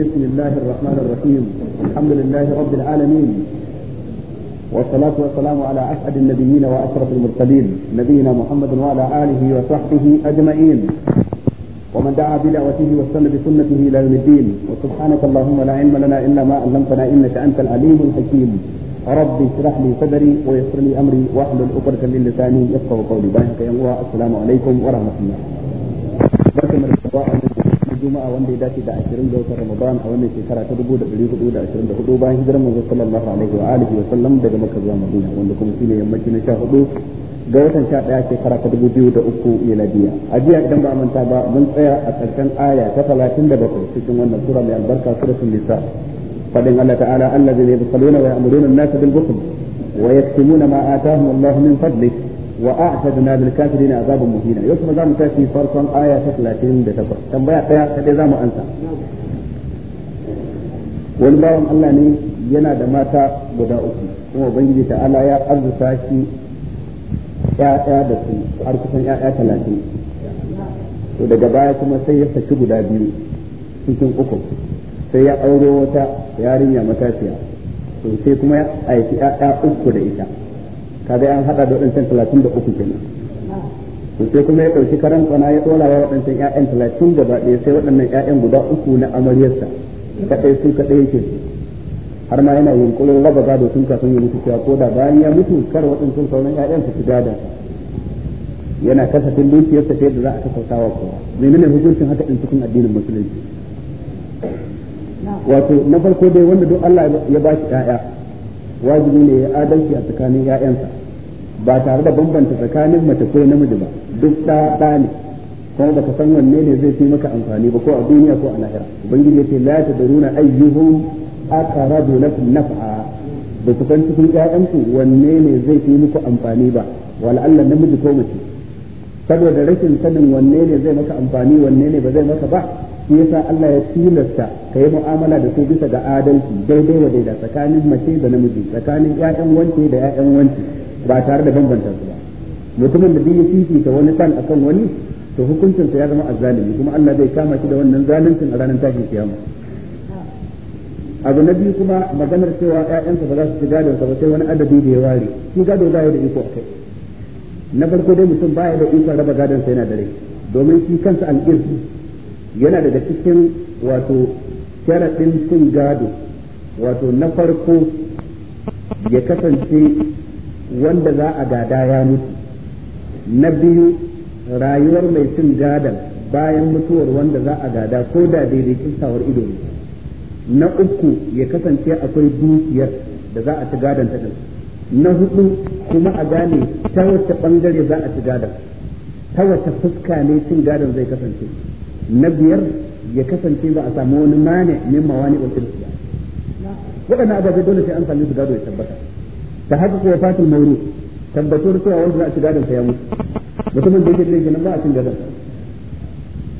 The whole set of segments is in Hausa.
بسم الله الرحمن الرحيم الحمد لله رب العالمين والصلاة والسلام على أسعد النبيين وأشرف المرسلين نبينا محمد وعلى آله وصحبه أجمعين ومن دعا بدعوته واستنى بسنته إلى يوم الدين وسبحانك اللهم لا علم لنا إلا ما علمتنا إنك أنت العليم الحكيم رب اشرح لي صدري ويسر لي أمري واحلل عقدة من لساني يفقه قولي بارك يا السلام عليكم ورحمة الله juma'a wanda ya dace da 20 ga watan ramadan a wannan shekara ta 1424 bayan hijirar manzo sallallahu alaihi wa alihi wa sallam daga makka zuwa madina wanda kuma shine yammaci na 14 ga watan 11 shekara ta 2003 miladiya a jiya idan ba manta ba mun tsaya a karshen aya ta 37 cikin wannan sura mai albarka suratul nisa fadin Allah ta'ala allazi yusalluna wa ya'muruna an-nasa bil bukhl wa yaktumuna ma atahum Allah min fadlihi wa a'tadna lil kafirin azaban muhina yau kuma zamu tashi farkon aya ta talatin da 38 tambaya daya kada zamu ansa wani bawan Allah ne yana da mata guda uku kuma ubangiji ta ala ya arzuta shi ya'ya da su har kusan talatin to daga baya kuma sai ya saki guda biyu cikin uku sai ya auro wata yarinya matafiya to sai kuma ya aiki ya'ya uku da ita kaga an hada da wadancan talatin da uku kenan to sai kuma ya ɗauki karan kwana ya ɗora wa waɗancan ƴaƴan talatin gaba ɗaya sai waɗannan ƴaƴan guda uku na amaryarsa kaɗai su kaɗai yake har ma yana yunkurin raba gado tun kafin ya mutu cewa ko da bayan ya mutu kar waɗancan sauran ƴaƴan su su gada yana kasafin dukiyarsa ta yadda za a kasauta wa kowa menene hukuncin haka in cikin addinin musulunci wato na farko dai wanda duk Allah ya ba shi ƴaƴa wajibi ne ya adalci a tsakanin 'ya'yansa ba tare da bambanta tsakanin mace ko namiji ba duk da ɗa ne kuma baka san wanne ne zai fi maka amfani ba ko a duniya ko a lahira ubangiji ya ce la tadruna ayyuhum aqrabu lakum naf'a ba su san cikin ƴaƴanku wanne ne zai fi muku amfani ba wal allan namiji ko mace saboda rashin sanin wanne ne zai maka amfani wanne ne ba zai maka ba shi yasa Allah ya tilasta ka yi mu'amala da su bisa ga adalci daidai wa daida tsakanin mace da namiji tsakanin ƴaƴan wanke da ƴaƴan wanke ba tare da bambanta su ba mutumin da yi fifi ta wani san akan wani to hukuncin sa ya zama azzalimi kuma Allah zai kama shi da wannan zaluncin a ranar tashin kiyama abu na biyu kuma maganar cewa ƴaƴansa ba za su ci gadon sa ba sai wani adadi da ya ware shi gado ba ya da iko akai na farko dai mutum baya da iko raba gadon sa yana da rai domin shi kansa al'irsu yana daga cikin wato sharaɗin cin gado wato na farko ya kasance wanda za a gada ya mutu na biyu rayuwar mai cin gadon bayan mutuwar wanda za a gada ko da daidai sawar ido ne na uku ya kasance akwai dukiyar da za a ci gadon ta na hudu kuma a gane ta wace bangare za a ci gadon ta wace fuska ne cin gadon zai kasance na biyar ya kasance za a samu wani mane min mawani wa tilki ba waɗannan ababe dole sai an kalli su gado ya tabbata ta haka ko fatul mauru tabbatar cewa wanda za a ci gadon sa ya mutu mutumin da yake da nan ba a cin gadon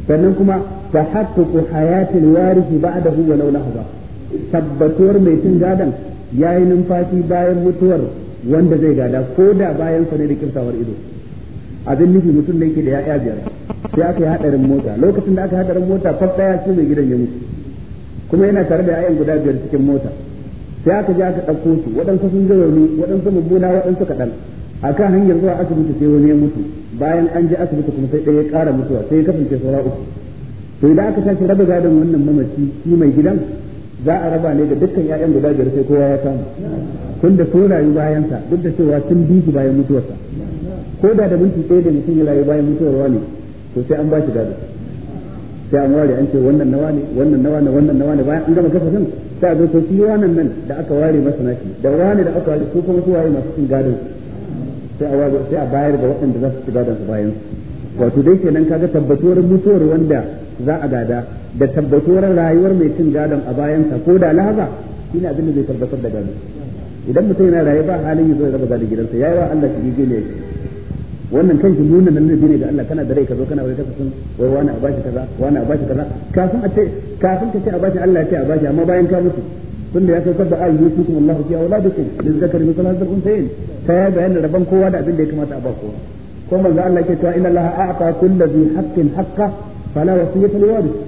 sannan kuma ta haka tahaqququ hayatil warisi da wa law lahza tabbatuwar mai cin gadon yayi numfashi bayan mutuwar wanda zai gada ko da bayan sa ne da kirsawar ido abin nufi mutum ne yake da ya'ya biyar sai aka yi hadarin mota lokacin da aka hadarin mota fas daya sai mai gidan ya mutu kuma yana tare da ayan guda biyar cikin mota sai aka je aka ɗauko su waɗansu sun ji rauni waɗansu mummuna waɗansu kaɗan a kan hanyar zuwa asibiti sai wani ya mutu bayan an je asibiti kuma sai ɗaya ya ƙara mutuwa sai ya kasance saura uku to idan aka tashi raba gadon wannan mamaci shi mai gidan za a raba ne da dukkan ƴaƴan guda biyar sai kowa ya samu tun da sun rayu bayansa duk da cewa sun bi bayan mutuwarsa ko da da minti ɗaya da mutum ya rayu bayan mutuwar wani to sai an ba shi gado sai an ware an ce wannan nawa ne wannan nawa ne wannan nawa ne bayan an gama sun sai a zo to shi wannan nan da aka ware masa nashi da wani da aka ware su kuma su waye masu cin gado sai a ware sai a bayar da waɗanda za su ci gadon su bayan wato dai kenan kaga tabbatuwar mutuwar wanda za a gada da tabbatuwar rayuwar mai cin gadon a bayan sa ko da lahaza shine abin da zai tabbatar da gado idan mutum yana rayuwa ba halin yi zo ya raba gadon gidansa yayi wa Allah shi gine shi wannan kanki nuna nan ne ne da Allah kana da rai ka zo kana wani kasan wai wani a bashi kaza wani a bashi kaza kafin a ce kafin ka ce a bashi Allah ya ce a bashi amma bayan ka mutu tun da ya saukar da ayi yusufu Allah fi auladikum lil zakari mithlu hadhal unsayin ta ya bayyana rabban kowa da abin da ya kamata a ba kowa ko manzo Allah ke cewa inna Allah a'ta kulli dhi haqqin haqqa fala wasiyata liwarith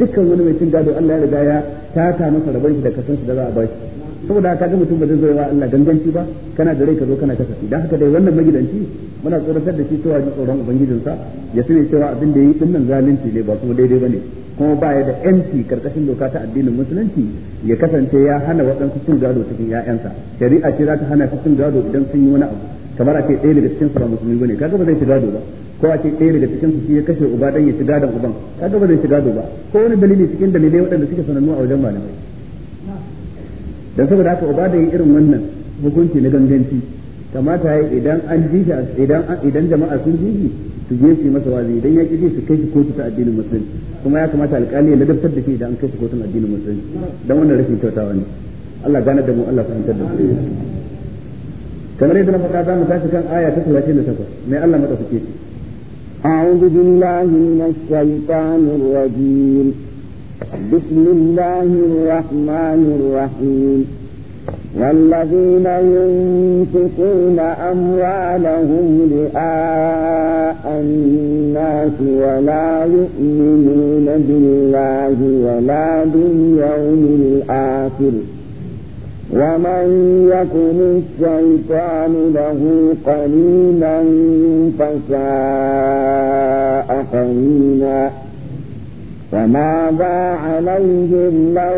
dukkan wani mai cin gado Allah ya riga ya tata masa rabon shi da kasan shi da za a bashi saboda ka ga mutum ba zai zo wa Allah ganganci ba kana da rai ka zo kana kasafi dan haka dai wannan magidanci muna tsoratar da shi cewa ji tsoron ubangijinsa ya sani cewa abin da yi dinnan zalunci ne ba kuma daidai bane kuma ba ya da yanci karkashin doka ta addinin musulunci ya kasance ya hana waɗansu cin gado cikin ƴaƴansa shari'a ce za ta hana su cin gado idan sun yi wani abu kamar a ce ɗaya daga cikin su ba musulmi bane kaga ba zai ci gado ba ko a ce ɗaya daga cikin su shi ya kashe uba dan ya ci gadon uban kaga ba zai ci gado ba ko wani dalili cikin dalilai waɗanda suke sanannu a wajen malamai dan saboda haka uba da yi irin wannan hukunci na ganganci kamata ya idan an ji shi idan idan jama'a sun ji shi su je su masa wazi idan ya ki ji su kai shi kotu ta addinin musulunci kuma ya kamata alƙali ya ladabtar da shi idan an kai shi kotun addinin musulunci dan wannan rashin kyautawa ne Allah gane da mu Allah fahimtar da mu kamar yadda na faɗa za mu tashi kan aya ta 38 mai Allah madaukake ce أعوذ بالله من الشيطان الرجيم بسم الله الرحمن الرحيم والذين ينفقون أموالهم رئاء الناس ولا يؤمنون بالله ولا باليوم الآخر ومن يكن الشيطان له قليلا فساء قليلا فماذا عليهم لو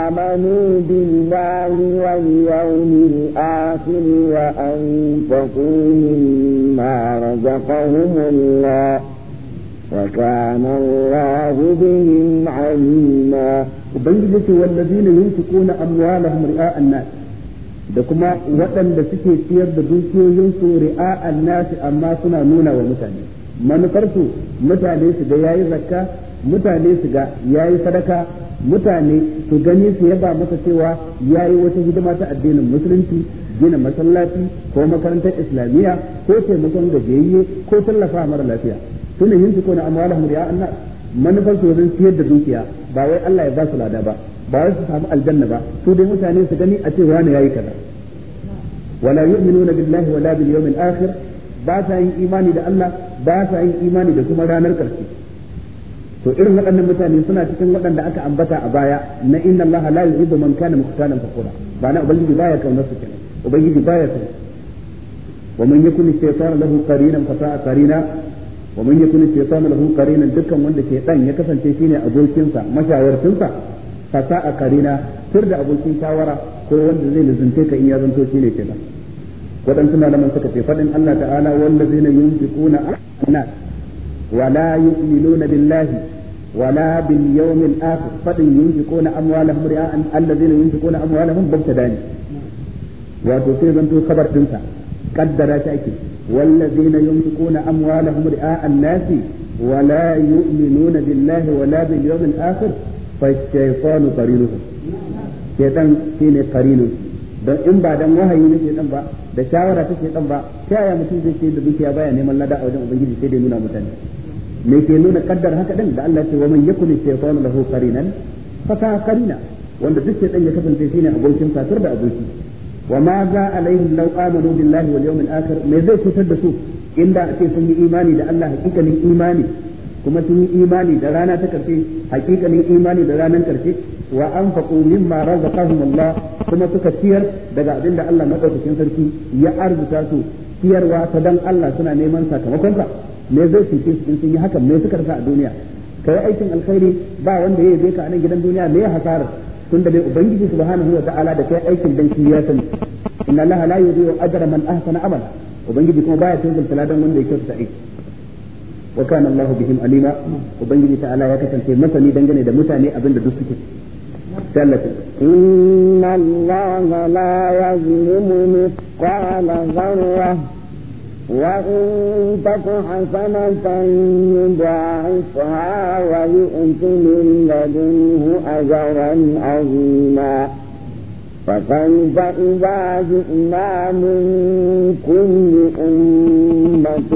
آمنوا بالله واليوم الآخر وأنفقوا مما رزقهم الله وكان الله بهم عليما وبنجلس والذين ينفقون أموالهم رئاء الناس da kuma waɗanda suke ciyar da dukiyoyinsu ri'a annasi amma suna nuna wa mutane manufarsu mutane su da yayi zakka mutane su ga yi sadaka mutane su gani su yaba masa cewa ya yi wata hidima ta addinin musulunci gina masallaci ko makarantar islamiyya ko taimakon gajiyayye ko tallafa mara lafiya tunan yin ko na amwalahum ri'a annas manufar su wajen siyar da dukiya ba wai Allah ya ba su lada ba ba wai su samu aljanna ba su dai mutane su gani a ce wani yayi kaza wala yu'minuna billahi wala bil yawmil akhir ba sa yin imani da Allah ba sa yin imani da kuma ranar karshe to irin waɗannan mutane suna cikin waɗanda aka ambata a baya na inna allaha la yuhibbu man kana mukhtalan fakura ba na ubangiji baya kaunar su kenan ubangiji baya son wa man yakun shaytanu lahu qarinan fa sa'a qarina wa man yakun shaytanu lahu qarinan dukkan wanda ke shaytan ya kasance shine abokinsa mashawarcinsa fa sa'a qarina tur da abokin shawara ko wanda zai lizunce ka in ya zanto shine kenan waɗansu malaman suka ce faɗin Allah ta'ala wanda wallazina yunfiquna ana wa la yu'minuna billahi ولا باليوم الآخر فإن ينفقون أموالهم رئاء الذين ينفقون أموالهم مبتداني وتصير من خبر تنسى قدر شيء والذين ينفقون أموالهم رئاء الناس ولا يؤمنون بالله ولا باليوم الآخر فالشيطان قرينهم شيطان شيني قرينه don in ba dan wahayi na shaitan ba da shawara ta shaitan ba ta yaya mutum zai ce da dukiya baya neman lada a wajen ubangiji sai dai nuna mutane me ke nuna kaddar haka din da Allah ce wa man yakun shaytanu lahu qarinan fa ka qarina wanda duk shaytan ya kasance shine abokin kafir da aboki wa ma za alaihim law amanu billahi wal yawmil akhir me zai cutar da su inda ake sun yi imani da Allah hakikanin imani kuma sun yi imani da rana ta karshe hakikanin imani da ranar karshe wa anfaqu mimma razaqahum Allah kuma suka ciyar daga abinda Allah madaukakin sarki ya arzuta su ciyarwa ta dan Allah suna neman sakamakon sa me zai cuce su sun yi hakan me suka rasa a duniya kai aikin alkhairi ba wanda ya zai ka a nan gidan duniya me ya hasara tunda dai ubangiji subhanahu wa ta'ala da kai aikin dan shi ya sani inna allaha la yudhi'u ajra man ahsana amal ubangiji kuma baya tunzul taladan wanda ya kyautata aiki wa kana allahu bihim alima ubangiji ta'ala ya kasance masani dangane da mutane abin da duk suke إن الله لا يظلم مثقال ذرة وإن تك حسنة يضاعفها ويؤت من لدنه أجرا عظيما فكيف إذا جئنا من كل أمة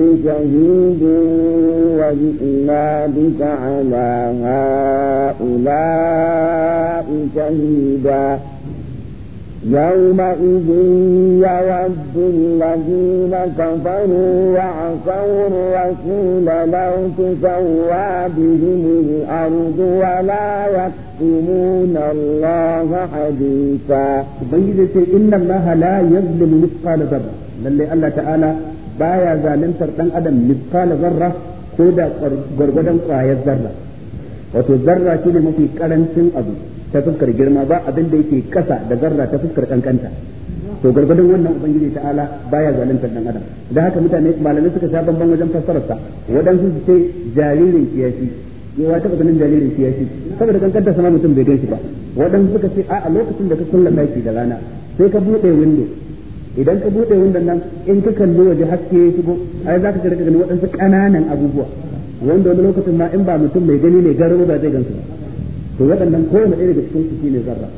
بشهيد وجئنا بك على هؤلاء شهيدا يومئذ يود الذين كفروا وعصوا الرسول لو تسوى بهم الأرض ولا يكتمون الله حديثا بيد إن الله لا يظلم مثقال ذرة بل الله تعالى بايا ظالم ترقن أدم مثقال ذرة كودا قرقدا قاية الذره. وتذرة كده في كرنسن أبو ta fuskar girma ba abin da yake kasa da zarra ta fuskar kankanta to gargadin wannan ubangiji ta'ala baya zalunta dan adam da haka mutane malamai suka sha bamban wajen sa waɗansu su ce jaririn kiyashi yawa ta ganin jaririn kiyasi saboda kankanta sama mutum bai gan ba waɗansu suka ce a a lokacin da ka kulla daki da rana sai ka bude windo idan ka buɗe windon nan in ka kalli waje haske ya shigo ai zaka ka ga ganin waɗansu kananan abubuwa wanda wani lokacin ma in ba mutum mai gani ne garo ba zai gansu ba to waɗannan kowane ɗaya daga cikin su shine zarra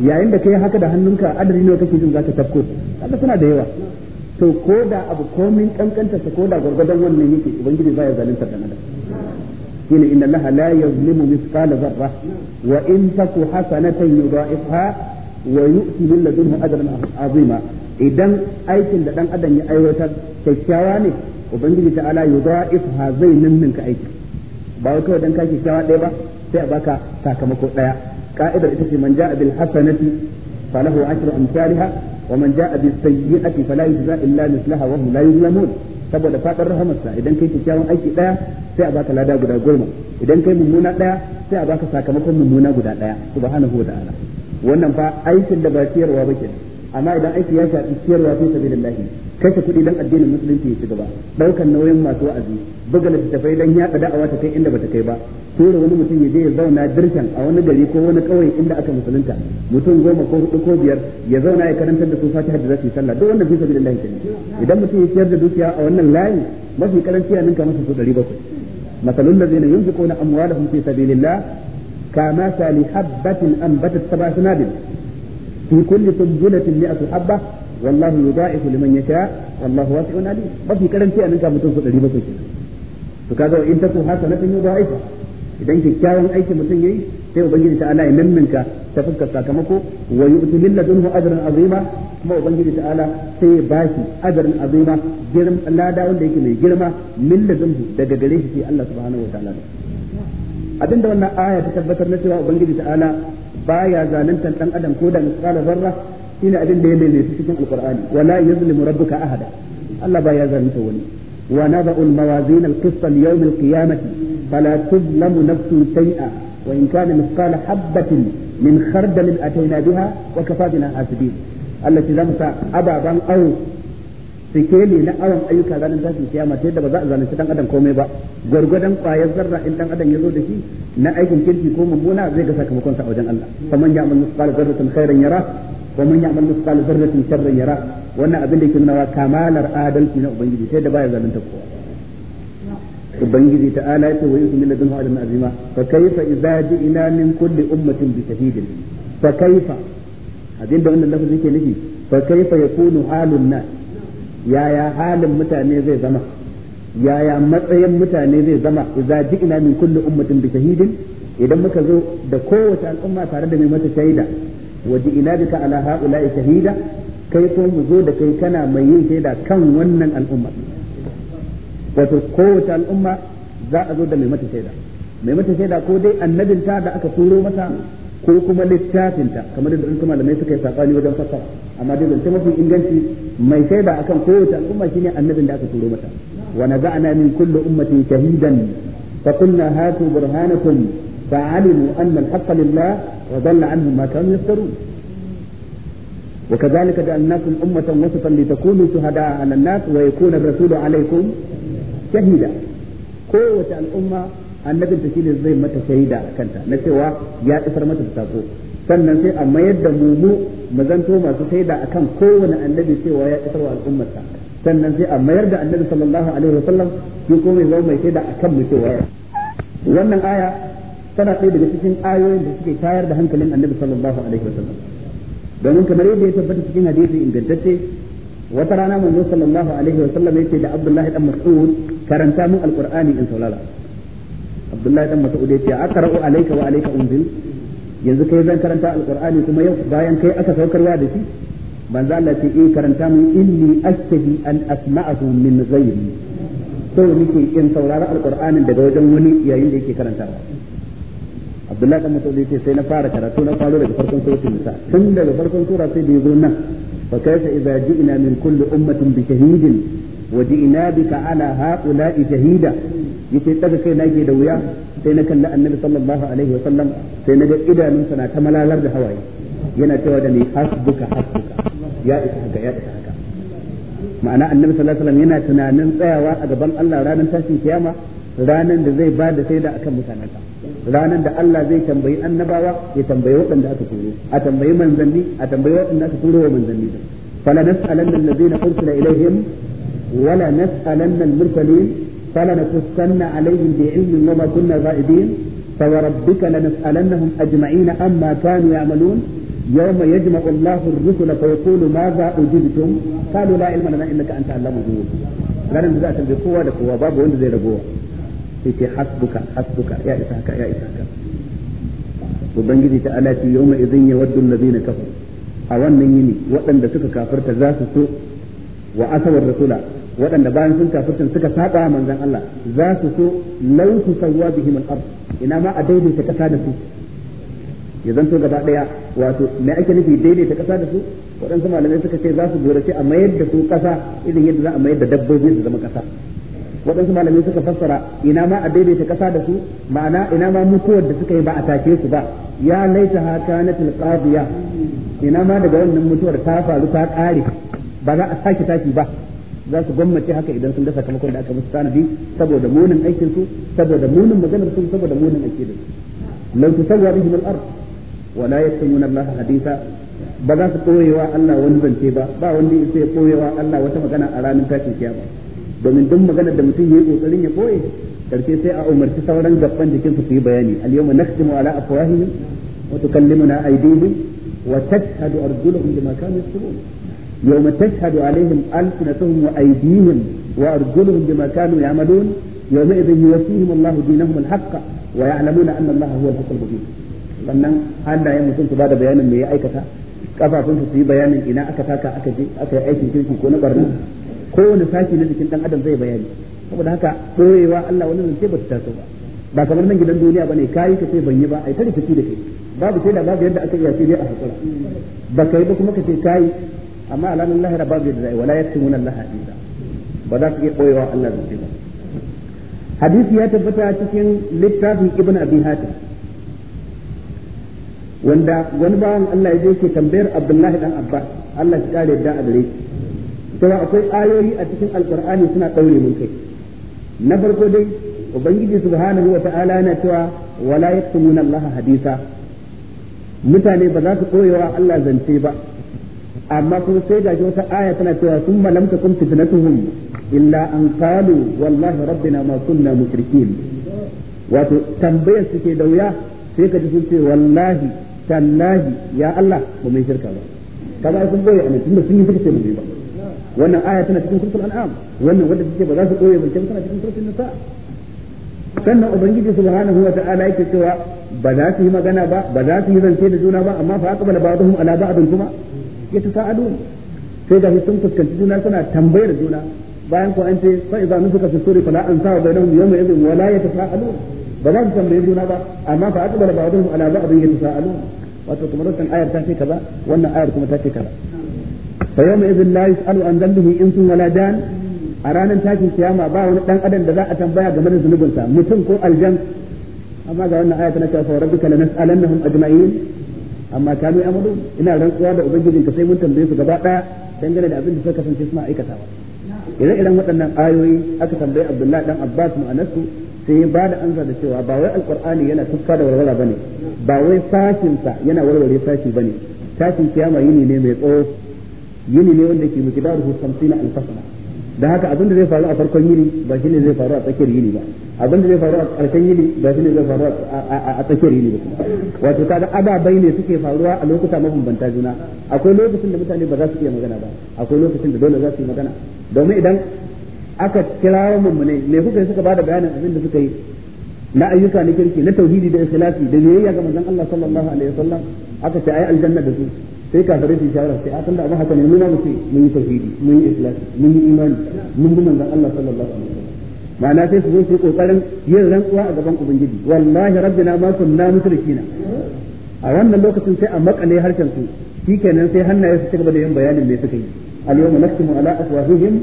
yayin da kai haka da hannunka adadi nawa kake jin zaka tafko kaga suna da yawa to ko da abu komin kankanta sa ko da gwargwadon wannan yake ubangiji baya zalunta dan adam shine inna allaha la yuzlimu mithqala zarra wa in taku hasanatan yudha'ifha wa yu'ti min ladunhu ajran azima idan aikin da dan adam ya aiwatar kyakkyawa ne ubangiji ta'ala yudha'ifha zai ninninka aiki ba kawai dan kyakkyawa ɗaya ba sai a baka sakamako daya ka'idar ita ce man ja'a bil hasanati falahu ashru amsalha wa man ja'a bis sayyi'ati fala yujza illa mislaha wa hum la yuzlamun saboda fadar rahamarsa idan kai kyakkyawan aiki daya sai a baka lada guda goma idan kai mummuna daya sai a baka sakamakon mummuna guda daya subhanahu wa ta'ala wannan fa aikin da ba ciyarwa ba kenan amma idan aiki ya shafi ciyarwa fi sabilillah kashe kuɗi dan addinin musulunci ya ci gaba ɗaukar nauyin masu wa'azi buga da tafai dan yaɗa da'awa ta kai inda bata kai ba tura wani mutum ya je ya zauna dirkan a wani gari ko wani ƙauye inda aka musulunta mutum goma ko hudu ko biyar ya zauna ya karantar da su fatiha da za su yi sallah duk wannan fi sabilillahi kenan idan mutum ya ciyar da dukiya a wannan layi mafi karanci ya ninka masa su ɗari bakwai masalul ladzina yunfiquna amwalahum fi sabilillah kama sali habatin anbatat sab'a sanabil fi kulli sunbulatin mi'atu habba wallahu yudaifu liman yasha wallahu wasi'un alim mafi karanci a ninka mutum su 700 kenan to kaga in taku hasanatan yudaifa idan kyakkyawan aiki mutum yayi sai ubangiji ta ala ya mimminka ta fuskar sakamako wa yu'ti lil ladunhu ajran azima kuma ubangiji ta ala sai ya bashi ajran azima girm lada wanda yake mai girma min ladunhu daga gare shi sai Allah subhanahu wa ta'ala abinda wannan aya ta tabbatar na cewa ubangiji ta'ala baya zaluntar dan adam ko da misqala zarra shine abin da ya lalace cikin alqur'ani wala yuzlimu rabbuka ahada Allah ba ya zalunta wani wa nada'ul mawazin al-qist al-yawm al-qiyamati fala tuzlamu nafsun shay'a wa in kana mithqala habatin min khardalin ataina biha wa kafa hasibin Allah ce zamu sa ababan awo sikeli na awon ayyuka ranar zafin kiyama ta yadda ba za a zalunci dan adam komai ba gwargwadon kwayar zarra in dan adam ya zo da shi na aikin kirki ko mummuna zai ga sakamakon sa a wajen Allah faman ya'mal mithqala dharratin khairan yara wa man ya'mal mithqala dharratin sharran yara wannan abin da yake nuna wa kamalar adalci na ubangiji sai da baya zalunta kowa ubangiji ta ala ya ce wa yusu milladun wa alim azima fa kaifa idza ji'na min kulli ummatin bi shahidin fa kaifa abinda wannan lafazin ke nufi fa kaifa yakunu halun nas yaya halin mutane zai zama yaya matsayin mutane zai zama idza ji'na min kulli ummatin bi idan muka zo da kowace al'umma tare da mai shaida waje ina bika ala haula'i shahida kai ko mu zo da kai kana mai yin shaida kan wannan al'umma wato kowace al'umma za a zo da mai mata shaida ko dai annabinta da aka turo mata ko kuma littafinta kamar da kuma malamai suka yi sakani wajen fassara amma dai zance mafi inganci mai shaida akan kowace al'umma shine annabin da aka turo mata wa naza'na min kulli ummatin shahidan fa qulna hatu burhanakum fa'alimu وضل عنهم ما كانوا يفترون وكذلك جعلناكم أمة وسطا لتكونوا شهداء على الناس ويكون الرسول عليكم شهيدا قوة الأمة annabin ta shine zai mata shaida a kanta na cewa ya isar mata da sako sannan sai a mayar da mu mu mu zanto masu shaida akan kowane annabi cewa ya isar wa al'ummarsa sannan sai a mayar da annabi sallallahu alaihi wasallam shi ko mai zama mai shaida akan mu cewa wannan aya tana ɗaya daga cikin ayoyin da suke tayar da hankalin annabi sallallahu alaihi wa sallam domin kamar yadda ya tabbata cikin hadisi ingantacce wata rana manzo sallallahu alaihi wa wasallam yake da Abdullahi dan Mas'ud karanta mu alqur'ani in saurara Abdullahi dan Mas'ud yace aqra'u alayka wa alayka unzil yanzu kai zan karanta alqur'ani kuma yau bayan kai aka saukarwa da shi manzo Allah ce eh karanta min inni ashhadu an asma'ahu min ghairi so nake in saurara alqur'anin daga wajen wani yayin da yake karantawa abdullahi dan mutum yace sai na fara karatu na faro daga farkon suratul nisa tun daga farkon sura sai da yazo nan fa kaifa idza ji'na min kulli ummatin bi shahidin wa ji'na bika ala ha'ula'i shahida yace daga kai nake da wuya sai na kalli annabi sallallahu alaihi wa sallam sai na ga idanunsa na ta malalar da hawaye yana cewa da ni hasbuka hasbuka ya isa haka ya isa haka ma'ana annabi sallallahu alaihi wasallam yana tunanin tsayawa a gaban Allah ranar tashin kiyama ranar da zai ba da shaida akan mutanen mutanensa ranar da Allah zai tambayi annabawa ya tambayi waɗanda aka turo a tambayi manzanni a tambayi waɗanda aka turo wa manzanni da fala nas'alanna allazina ursila ilaihim wala nas'alanna al-mursalin fala nakussanna alaihim bi ilmin wa ma kunna ghaibin fa rabbika lanas'alannahum ajma'in amma kanu ya'malun يوم يجمع الله الرسل فيقول ماذا أجبتم قالوا لا علم لنا إنك أنت علام الغيوب ranar da za a tambaye kowa da kowa babu wanda zai ragowa yake hasbuka hasbuka ya isa ka ya isa ka ubangiji ta alati yawma idhin yawaddu a wannan yini waɗanda suka kafirta za su so wa asawar rasula waɗanda bayan sun kafirta suka saba manzon Allah za su so law tusawwa bihi al-ard ina ma a daidaita kasa da su ya zanto gaba daya wato me ake nufi daidaita kasa da su waɗansu malamai suka ce za su gorace a mayar da su kasa irin yadda za a mayar da dabbobi su zama kasa waɗansu malamai suka fassara ina ma a daidaita ƙasa da su ma'ana ina ma mutuwar da suka yi ba a take su ba ya laita ha na qadiya ina ma daga wannan mutuwar ta faru ta ƙare ba za a sake taki ba za su gwammace haka idan sun dasa kamakon da aka musu tanadi saboda munin aikin su saboda munin maganar su saboda munin aikin su lau tusawwa bihi al-ard wa la yaktumuna Allah haditha ba za su koyewa Allah wani zance ba ba wanda ya koyewa Allah wata magana a ranar tashin kiyama domin duk maganar da mutum ya yayi kokarin ya koye karshe sai a umarci sauran gaban jikin su su yi bayani al yawma nakhtimu ala afwahihim wa tukallimuna aydihim wa tashhadu arjuluhum bima kanu yasrun yawma tashhadu alaihim alsinatuhum wa aydihim wa arjuluhum bima kanu ya'malun yawma idhin yuwaffihim Allahu dinahum al-haqqa wa ya'lamuna anna Allaha huwa al-haqqul mubin sannan Allah ya mutum su bada bayanin me ya aikata kafafun su yi bayanin ina aka taka aka je aka yi aikin kirki ko na barna kowane sashi na jikin dan adam zai bayani saboda haka koyewa Allah wani zance ba ta taso ba ba kamar nan gidan duniya bane kai ka sai ban yi ba ai tare rikici da kai babu sai da babu yadda aka iya sai dai a hakura ba kai ba kuma ka ce kai amma alamin lahira babu yadda zai wala yaktumuna Allah hadisa ba za su iya koyewa Allah zance ba hadisi ya tabbata cikin littafin ibn abi hatim wanda wani bawan Allah ya je ke tambayar Abdullahi dan Abbas Allah ya kare da a gare shi cewa akwai ayoyi a cikin alkur'ani suna ɗaure mun kai na farko dai ubangiji subhanahu wa ta'ala yana cewa wala yaktumuna allaha hadisa mutane ba za su koyewa Allah zance ba amma kuma sai ga wata aya tana cewa sun malamta kun fitnatuhum illa an qalu wallahi rabbina ma kunna mushrikin wato tambayar suke da wuya sai ka ji sun ce wallahi tallahi ya Allah ba mai shirka ba kaga sun boye a tunda sun yi suka ce ba wannan aya tana cikin suratul an'am wannan wanda take ba za su koye bincin tana cikin suratul nisa sannan ubangiji subhanahu wa ta'ala yake cewa ba za su yi magana ba ba za su yi zance da juna ba amma fa aqbala ba'dhum ala ba'dhin kuma yatasaalun sai da sun fuskanci juna suna tambayar juna bayan ko an ce fa idza nufika fi suri fala ansa bainahum yawma idhin wa la yatasaalun ba za su tambayi juna ba amma fa aqbala ba'dhum ala ba'dhin yatasaalun wato kuma wannan ayar ta ce kaza wannan ayar kuma ta ce kaza fa yawma idhin la yus'alu an dhanbihi insun wala jan a ranar tashin kiyama ba wani dan adam da za a tambaya game da zunubinsa mutum ko aljan amma ga wannan ayata na cewa fa rabbika lanas'alannahum ajma'in amma kanu amadu ina rantsuwa da ubangijinka sai mun tambaye su gaba daya dangane da abin da suka kasance suna aikatawa idan idan waɗannan ayoyi aka tambaye Abdullahi dan Abbas su sai ya bada amsa da cewa ba wai alqur'ani yana tufka da walwala bane ba wai fashinsa yana warware sashi ne tashin kiyama yini ne mai tsawo yini ne wanda ke miqdaruhu 50 alf da haka abin da zai faru a farkon yini ba shine zai faru a tsakiyar yini ba abin da zai faru a karshen yini ba shine zai faru a tsakiyar yini ba wato kaga ababai ne suke faruwa a lokuta mabambanta juna akwai lokacin da mutane ba za su iya magana ba akwai lokacin da dole za su yi magana domin idan aka kira ne me kuka yi suka bada bayanin abin da suka yi na ayyuka na kirki na tauhidi da ikhlasi da biyayya ga manzon Allah sallallahu alaihi wasallam aka ce ai aljanna da su sai kafirai su shara sai a san da abin haka ne nuna musu mun yi tauhidi mun yi islam mun yi imani mun bi manzon Allah sallallahu alaihi wasallam ma'ana sai su zo su kokarin yin rantsuwa a gaban ubangiji wallahi rabbina ma kunna na. a wannan lokacin sai a makale harshen su shikenan sai hannaye su cigaba da yin bayanin me suka yi al-yawma naktumu ala afwahihim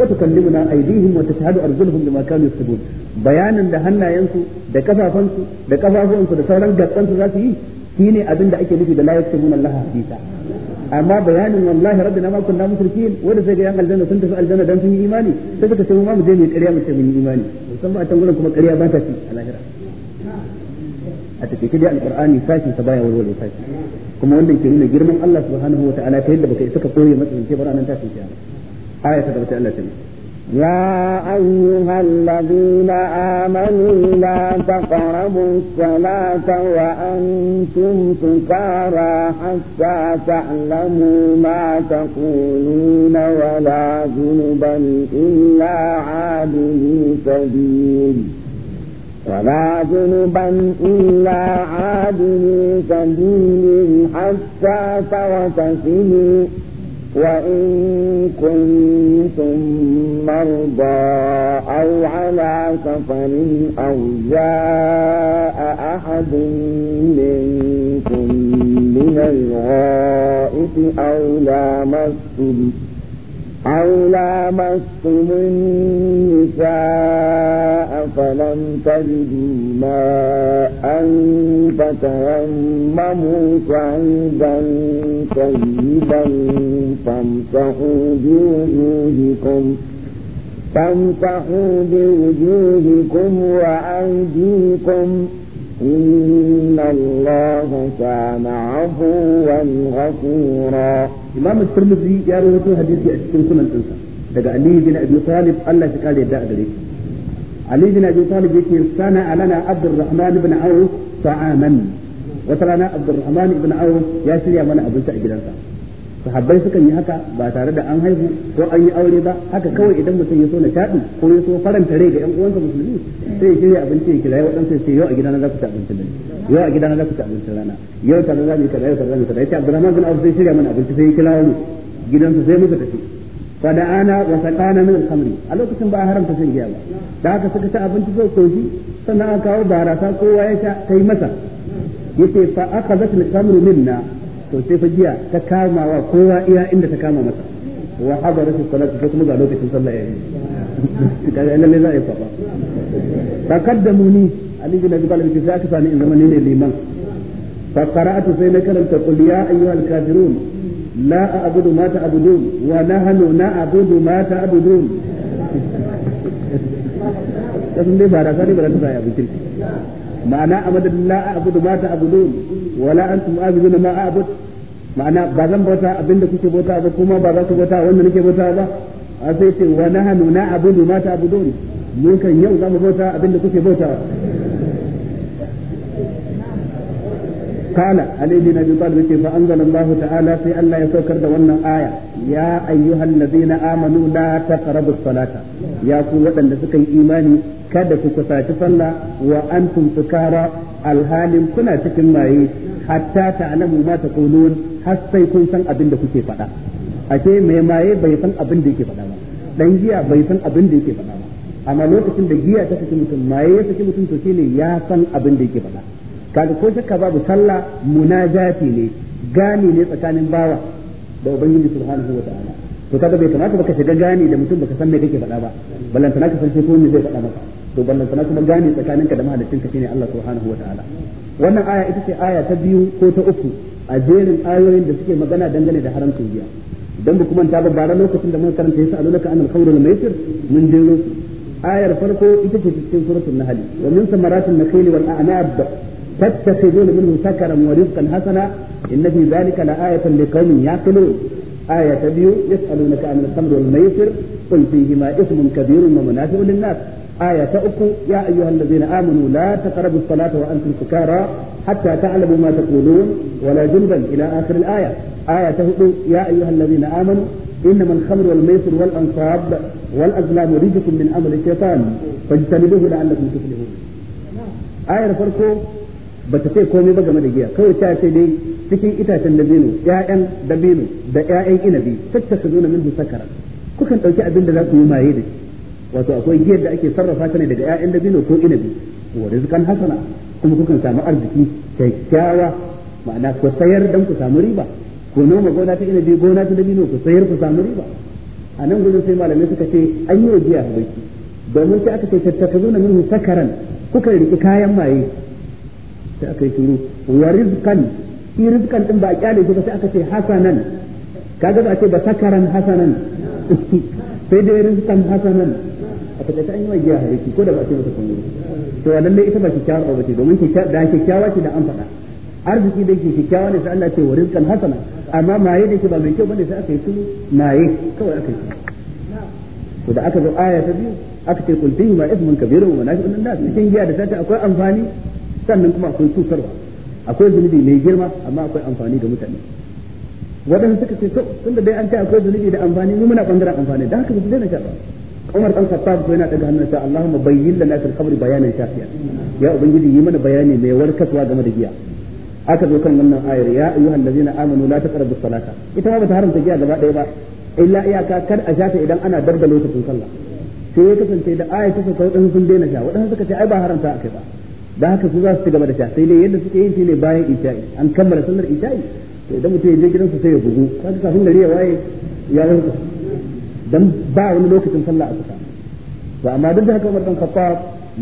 wa tukallimuna aydihim wa tashhadu arjuluhum bima kanu yaktubun bayanin da hannayensu da kafafansu da kafafuwansu da sauran gatsansu za su yi shine abin da ake nufi da la yaktubuna Allah hadisa amma bayanin wallahi rabbina ma kunna mushrikin wanda sai ga yan aljanna sun tafi aljanna dan sun yi imani sai suka ce mu ma mu je mu ƙarya mu ce mun yi imani musamman a can gurin kuma ƙarya ba ta ci a lahira a take dai alqur'ani sashin sa baya walwala sashi kuma wanda ke nuna girman Allah subhanahu wa ta'ala ta yadda baka isa ka koyi matsayin ke bara nan ta tafi aya ta gaba ta Allah ta يا أيها الذين آمنوا لا تقربوا الصلاة وأنتم سكارى حتى تعلموا ما تقولون ولا جنبا إلا عابري سبيل ولا جنبا إلا عابري سبيل حتى تغتسلوا وإن كنتم مرضى أو على سفر أو جاء أحد منكم من الغائط أو لامستم أو لامستم النساء فلم تجدوا ماء فتيمموا صعيدا طيبا فامسحوا بوجوهكم فامسحوا بوجوهكم وأيديكم إن الله كان عفوا غفورا الإمام الترمذي يا رواه حديث أشكر سنة الإنسان دقا علي بن أبي طالب الله شكال يبدأ ذلك علي بن أبي طالب يقول صنع لنا عبد الرحمن بن عوف طعاما وترانا عبد الرحمن بن عوف يا سيدي من أبو سعيد الإنسان sahabbai sukan yi haka ba tare da an haihu ko an yi aure ba haka kawai idan mutum ya so na shaɗi ko ya so faranta rai ga 'yan uwansa musulmi sai ya shirya abinci ya kira waɗansu ya ce yau a gida na za ku ci abincin rana yau a gida na za ku ci abincin rana yau tare za mu yi kaza yau tare za mu yi kaza yace Abdurrahman bin Auf sai shirya mana abinci sai ya kira mu gidansa sai muka tafi fa da ana wa saqana min al-khamri a lokacin ba a haramta shan giya ba da haka suka ci abinci sai koshi sannan aka kawo barasa kowa ya sha kai masa yace fa akhadhat al-khamru minna to sai fa giya ta kama wa kowa iya inda ta kama masa wa hadara su salatu ko kuma ga lokacin sallah yayi kaga nan ne za a yi fafa ni ali bin abi talib sai aka sani in zaman ne liman fa qara'atu sai na karanta qul ya ayyuhal kafirun la a'budu ma ta'budun wa nahnu na'budu ma ta'budun kasan dai ba da sai ba ta sai abin kirki ma'ana amadallah a'budu ma ta'budun wala antum abiduna ma a'bud ma'ana ba zan bauta abinda kuke bauta ba kuma ba za ku bauta wanda nake bauta ba a sai ce wa nahnu na'budu ma ta'budun mun kan yau za mu bauta abinda kuke bauta قال علي بن ابي طالب فانزل الله تعالى في ان لا يسكر da wannan aya ya ayyuhal ladina amanu la taqrabu salata ya ku wadanda suka yi imani kada ku kusaci sallah wa antum sukara alhalin kuna cikin maye hatta ta'lamu ma taqulun har sai kun san abin da kuke faɗa ashe mai maye bai san abin da yake faɗa ba dan giya bai san abin da yake faɗa ba amma lokacin da giya ta saki mutum maye saki mutum ya san abin da yake faɗa kaga ko shakka babu sallah munajati ne gani ne tsakanin bawa da ubangiji subhanahu wa ta'ala to kaga bai kamata baka shiga gani da mutum baka san me kake faɗa ba ballantana ka san sai ko me zai faɗa maka to ballantana kuma gani tsakaninka da mahaliccinka shine Allah subhanahu wa ta'ala wannan aya ita ce aya ta biyu ko ta uku a jerin ayoyin da suke magana dangane da haramcin biya. dan ba kuma ta bara lokacin da mun karanta yasa alulaka anil khawr al maisir mun jero ayar farko ita ce cikin suratul nahl wa min samaratin nakhil wal a'nab تتخذون منه سكرا ورزقا حسنا إن في ذلك لآية لقوم يعقلون آية تبيو يسألونك عن الخمر والميسر قل فيهما إثم كبير ومنافع للناس آية تأكو يا أيها الذين آمنوا لا تقربوا الصلاة وأنتم سكارى حتى تعلموا ما تقولون ولا جنبا إلى آخر الآية آية تهدو يا أيها الذين آمنوا إنما الخمر والميسر والأنصاب والأزلام رجس من أمر الشيطان فاجتنبوه لعلكم تفلحون آية فرقو ba ta sai komai ba game da giya kawai ta ce dai cikin itacen dabino ƴaƴan dabino da ƴaƴan inabi zuna minhu sakara kukan ɗauki abin da za ku yi maye da shi wato akwai giyar da ake sarrafa ta ne daga ƴaƴan dabino ko inabi wa rizqan hasana kuma kukan samu arziki kyakkyawa ma'ana ku sayar dan ku samu riba ku noma gona ta inabi gona ta dabino ku sayar ku samu riba a nan gudun sai malamai suka ce an yi wa giya baki domin sai aka ce tattakazuna minhu sakaran kukan riki kayan maye sai aka yi shiru wa rizqan shi rizqan din ba a kyale shi ba sai aka ce hasanan kaga ba a ce ba sakaran hasanan sai dai rizqan hasanan a ta ta yi mai giya hariki ko da ba a ce ba kuma to lalle ita ba kyakkyawar ba ce domin da kyawa ce da an faɗa arziki da ke kyawa ne sai Allah ce wa rizqan hasanan amma maye da ke ba mai kyau bane sai aka yi shiru maye kawai aka yi to da aka zo aya ta biyu aka ce kul fihi ma ismun kabirun wa nafi'un lin cikin giya da sata akwai amfani sannan kuma akwai cutarwa akwai zunubi mai girma amma akwai amfani ga mutane waɗanda suka ce to da dai an ce akwai zunubi da amfani mu muna bangaren amfani da haka su na sha ba Umar dan Khattab ko yana daga hannun sa Allahumma bayyin lana fil qabri bayanan shafiya ya ubangiji yi mana bayani mai warkaswa game da giya aka zo kan wannan ayar ya ayyuhal ladzina amanu la taqrabu salata ita ma bata haramta giya gaba ɗaya ba illa iyaka kar a shafe idan ana darda lokacin sallah sai ya kasance da ayatu ta sauka sun daina sha wadanda suka ce ai ba haramta akai ba da haka su za su ci gaba da sha sai dai yadda suke yin shine bayan isha'i an kammala sallar isha'i to idan mutum ya je gidansa sai ya bugu kaga kafin gari ya waye ya warka dan ba wani lokacin sallah a kusa to amma duk da haka Umar dan Khattab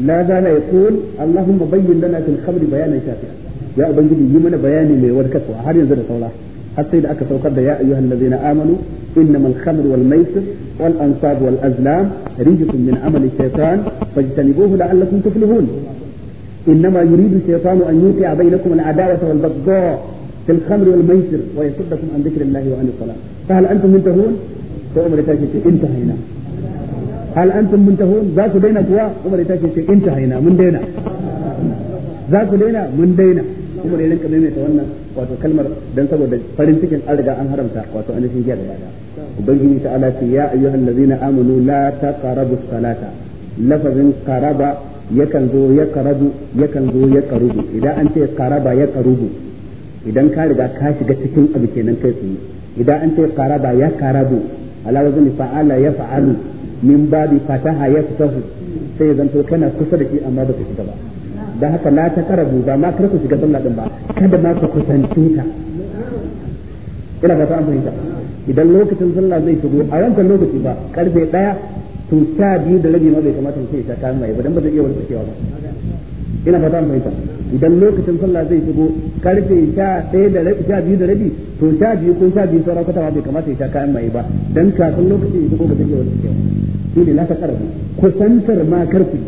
la zala yaqul Allahumma bayyin lana fil khamr bayanan shafi'a ya ubangiji yi mana bayani mai warkarwa har yanzu da saura har sai da aka saukar da ya ayyuhal ladzina amanu innamal khamru wal maisir wal ansab wal azlam rijsun min amali shaytan fajtanibuhu la'allakum tuflihun إنما يريد الشيطان أن يوقع بينكم العداوة والبغضاء في الخمر والميسر ويصدكم عن ذكر الله وعن الصلاة فهل أنتم منتهون؟ فعمر تاشي انتهينا هل أنتم منتهون؟ ذاك دينا كوا عمر تاشي انتهينا من دينا ذاك دينا من دينا أمر يلنك ميميت وانا واتو kalmar dan saboda farin cikin an riga an واتو wato an shi jiya da baya ubangiji ta ala ya ayyuhal ladzina amanu la taqrabus yakan zo ya karabu yakan zo ya karubu idan an ce karaba ya karubu idan ka riga ka shiga cikin abu kenan kai tsaye idan an ce karaba ya karabu ala wazni fa'ala ya fa'alu min babi fataha ya fitahu sai zanto kana kusa da shi amma baka shiga ba dan haka la ta karabu ba ma kar ku shiga sallah din ba kada ma ku kusanci ta ina fata an fahimta idan lokacin sallah zai shigo a wannan lokaci ba karfe daya to sha biyu da rabi ma bai kamata mutum ya sha kayan maye ba dan ba zai iya wani tsakewa ba ina fata mu fahimta idan lokacin sallah zai shigo karfe sha ɗaya da rabi sha biyu da rabi to sha biyu ko sha biyu sauran kwata bai kamata ya sha kayan maye ba dan kafin lokacin ya shigo ba zai iya wani tsakewa shi ne na ta karabu kusantar ma karfi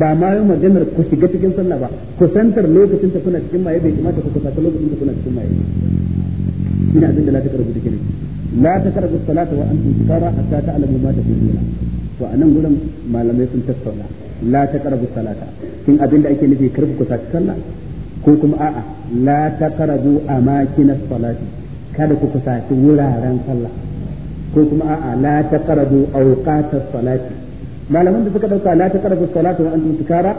ba ma yau maganar ku shiga cikin sallah ba kusantar lokacin ta kuna cikin maye bai kamata ku kusanta lokacin ta kuna cikin maye ina abin da na ta karabu take ne la takrabu salata wa antum sukara hatta ta'lamu ma taquluna to a nan gurin malamai sun tattauna la taqrabu salata kin abinda ake nufi karbu ku saki sallah ko kuma a'a la taqrabu amakinas salati kada ku kusaci wuraren sallah ko kuma a'a la taqrabu awqatas salati malaman da suka ɗauka la taqrabu salata wa antum sukara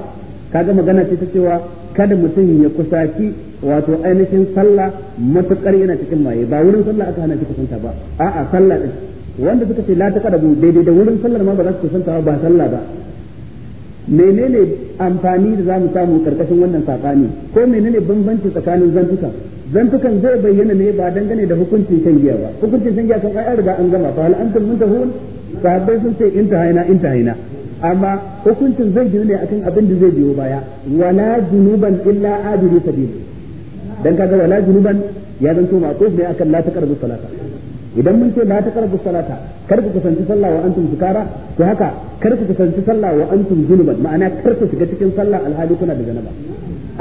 kaga magana ce ta cewa kada mutum ya kusaci wato ainihin sallah matukar yana cikin maye ba wurin sallah aka hana shi kusanta ba a'a sallah din wanda suka ce la ta kadabu daidai da wurin sallar ma ba za su kusanta ba sallah ba menene amfani da za mu samu karkashin wannan sakani ko menene bambanci tsakanin zantuka zantukan zai bayyana ne ba dangane da hukuncin shan giya ba hukuncin shan giya kan ai riga an gama fa hal antum muntahun sahabbai sun ce haina inta haina amma hukuncin zai biyu ne akan abin da zai biyo baya wala junuban illa adiru sabili dan kaga wala junuban ya zanto maquf ne akan la taqrabu salata idan mun ce la taqrabu salata kar ku kusanci sallah wa antum sukara to haka kar ku kusanci sallah wa antum junuban ma'ana kar ku shiga cikin sallah alhali kuna da janaba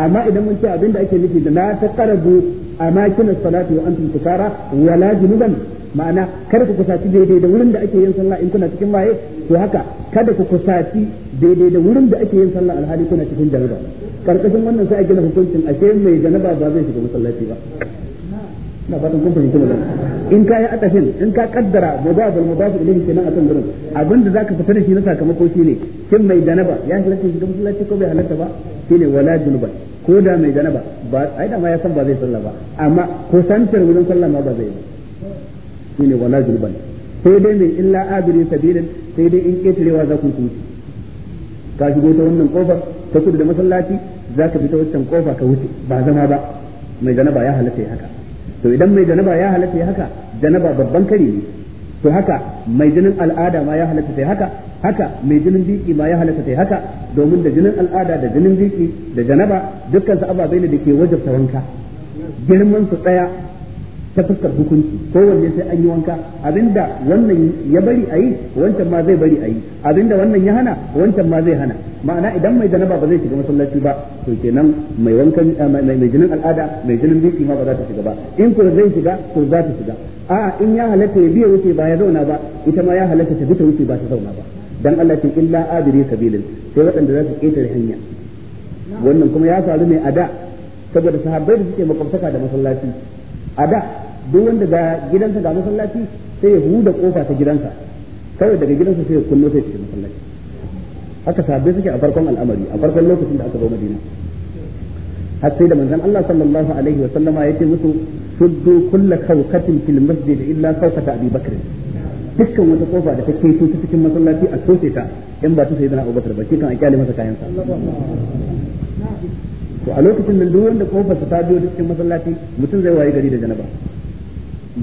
amma idan mun ce abinda ake nufi da la taqrabu amakin salati wa antum sukara wala junuban ma'ana kar ku kusaci daidai da wurin da ake yin sallah in kuna cikin maye to haka kada ku kusaci daidai da wurin da ake yin sallah alhali kuna cikin jarida karkashin wannan sai a gina hukuncin ashe mai janaba ba zai shiga masallaci ba na fatan kun fahimci magana in ka yi atafin in ka kaddara mudaf al ilahi ilayhi kenan a kan gurin abinda zaka fita da shi na sakamako shine kin mai janaba ya halatta shiga masallaci ko bai halatta ba shine wala junuba ko da mai janaba ba ai da ma ya san ba zai sallah ba amma ko santar wurin sallah ma ba zai ba shine wala junuba sai dai mai illa abiri sabilin sai dai in ketarewa za ku kuci ka shigo ta wannan kofar ta kudu da masallaci za ka fita wancan kofa ka wuce ba zama ba mai janaba ya halatta haka to idan mai janaba ya halatta haka janaba babban kare ne to haka mai jinin al'ada ma ya halatta haka haka mai jinin biki ma ya halatta haka domin da jinin al'ada da jinin biki da janaba dukkan su ababai ne da ke wajabta wanka girman su tsaya ta fuskar hukunci kowanne sai an yi wanka abinda wannan ya bari a yi wancan ma zai bari a yi abinda wannan ya hana wancan ma zai hana ma'ana idan mai zanaba ba zai shiga masallaci ba to kenan mai wankan eh, mai jinin al'ada mai jinin biki ma ba za ta shiga ba in ko zai shiga ko za ta shiga a in ya halatta ya biya wuce ba ya zauna ba ita ma ya halatta ta bi wuce ba ta zauna ba dan Allah ce illa abiri sabilin sai waɗanda za su ketare hanya wannan kuma ya faru ne a da saboda sahabbai da suke makwabtaka da masallaci a da duk wanda ga gidansa ga masallaci sai ya huda kofa ta gidansa kawai daga gidansa sai ya kunno sai ya masallaci haka sabbai suke a farkon al'amari a farkon lokacin da aka zo madina har sai da manzon Allah sallallahu alaihi wa sallama yake musu suddu kullu kawkatin fil masjid illa kawkata Abi Bakr dukkan wata kofa da take ta cikin masallaci a toshe ta in ba ta sai da Abu Bakar ba shi kan a kyale masa kayan sa to a lokacin nan duk wanda kofar ta biyo ta cikin masallaci mutum zai waye gari da janaba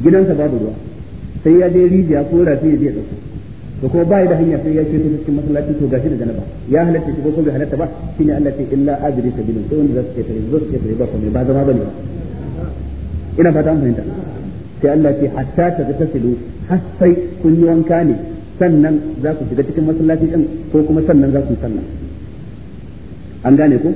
gidansa babu ruwa sai ya je rijiya ko rafi ya je dauko to ko bai da hanya sai ya ce ta cikin masallaci to gashi da janaba ya halatta shi ko ko bai halatta ba shine Allah ce illa ajri sabilun sai wanda zai tare zai tare ba ko mai ba zama bane ina fata an fahimta sai Allah ce hatta ta tasilu har sai kun yi wanka ne sannan za ku shiga cikin masallaci din ko kuma sannan za ku yi sallah an gane ko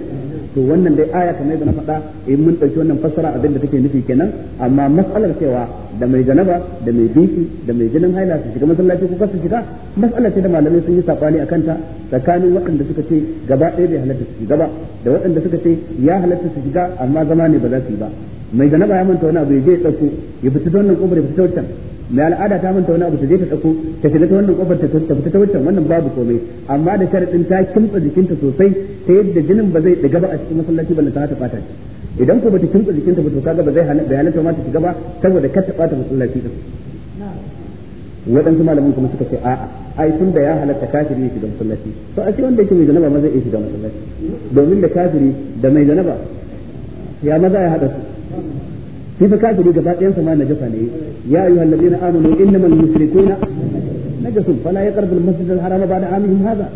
to wannan dai aya kamar yadda na faɗa in mun ɗauki wannan fassara abin da take nufi kenan amma mas'alar cewa da mai janaba da mai biki da mai jinin haila su shiga masallaci ko kasu shiga mas'alar ce da malamai sun yi sabani a kanta tsakanin waɗanda suka ce gaba ɗaya bai halatta su shiga ba da waɗanda suka ce ya halatta su shiga amma zama ne ba za su yi ba mai janaba ya manta wani abu ya je ya ɗauko ya fita wannan kofar ya fita wancan mai al'ada ta manta wani abu ta je ta tsako ta shiga ta wannan kofar ta fita ta wancan wannan babu komai amma da sharadin ta kimtsa jikinta sosai ta yadda jinin ba zai diga ba a cikin masallaci balle ta fata shi idan ko bata kimtsa jikinta ba to kaga ba zai ta ma ta shiga ba saboda kar ta bata masallaci din waɗansu malamin kuma suka ce a'a ai tun da ya halatta kafiri ya shiga masallaci to a ce wanda yake mai zanaba ma zai iya shiga masallaci domin da kafiri da mai zanaba ya maza ya haɗa su shi fa kafiri gaba ɗayan sama ma najasa ne ya yi na ayyuhal ladina amanu innamal mushrikuna najasun fala yaqrabu al masjid al harama ba'da amin hadha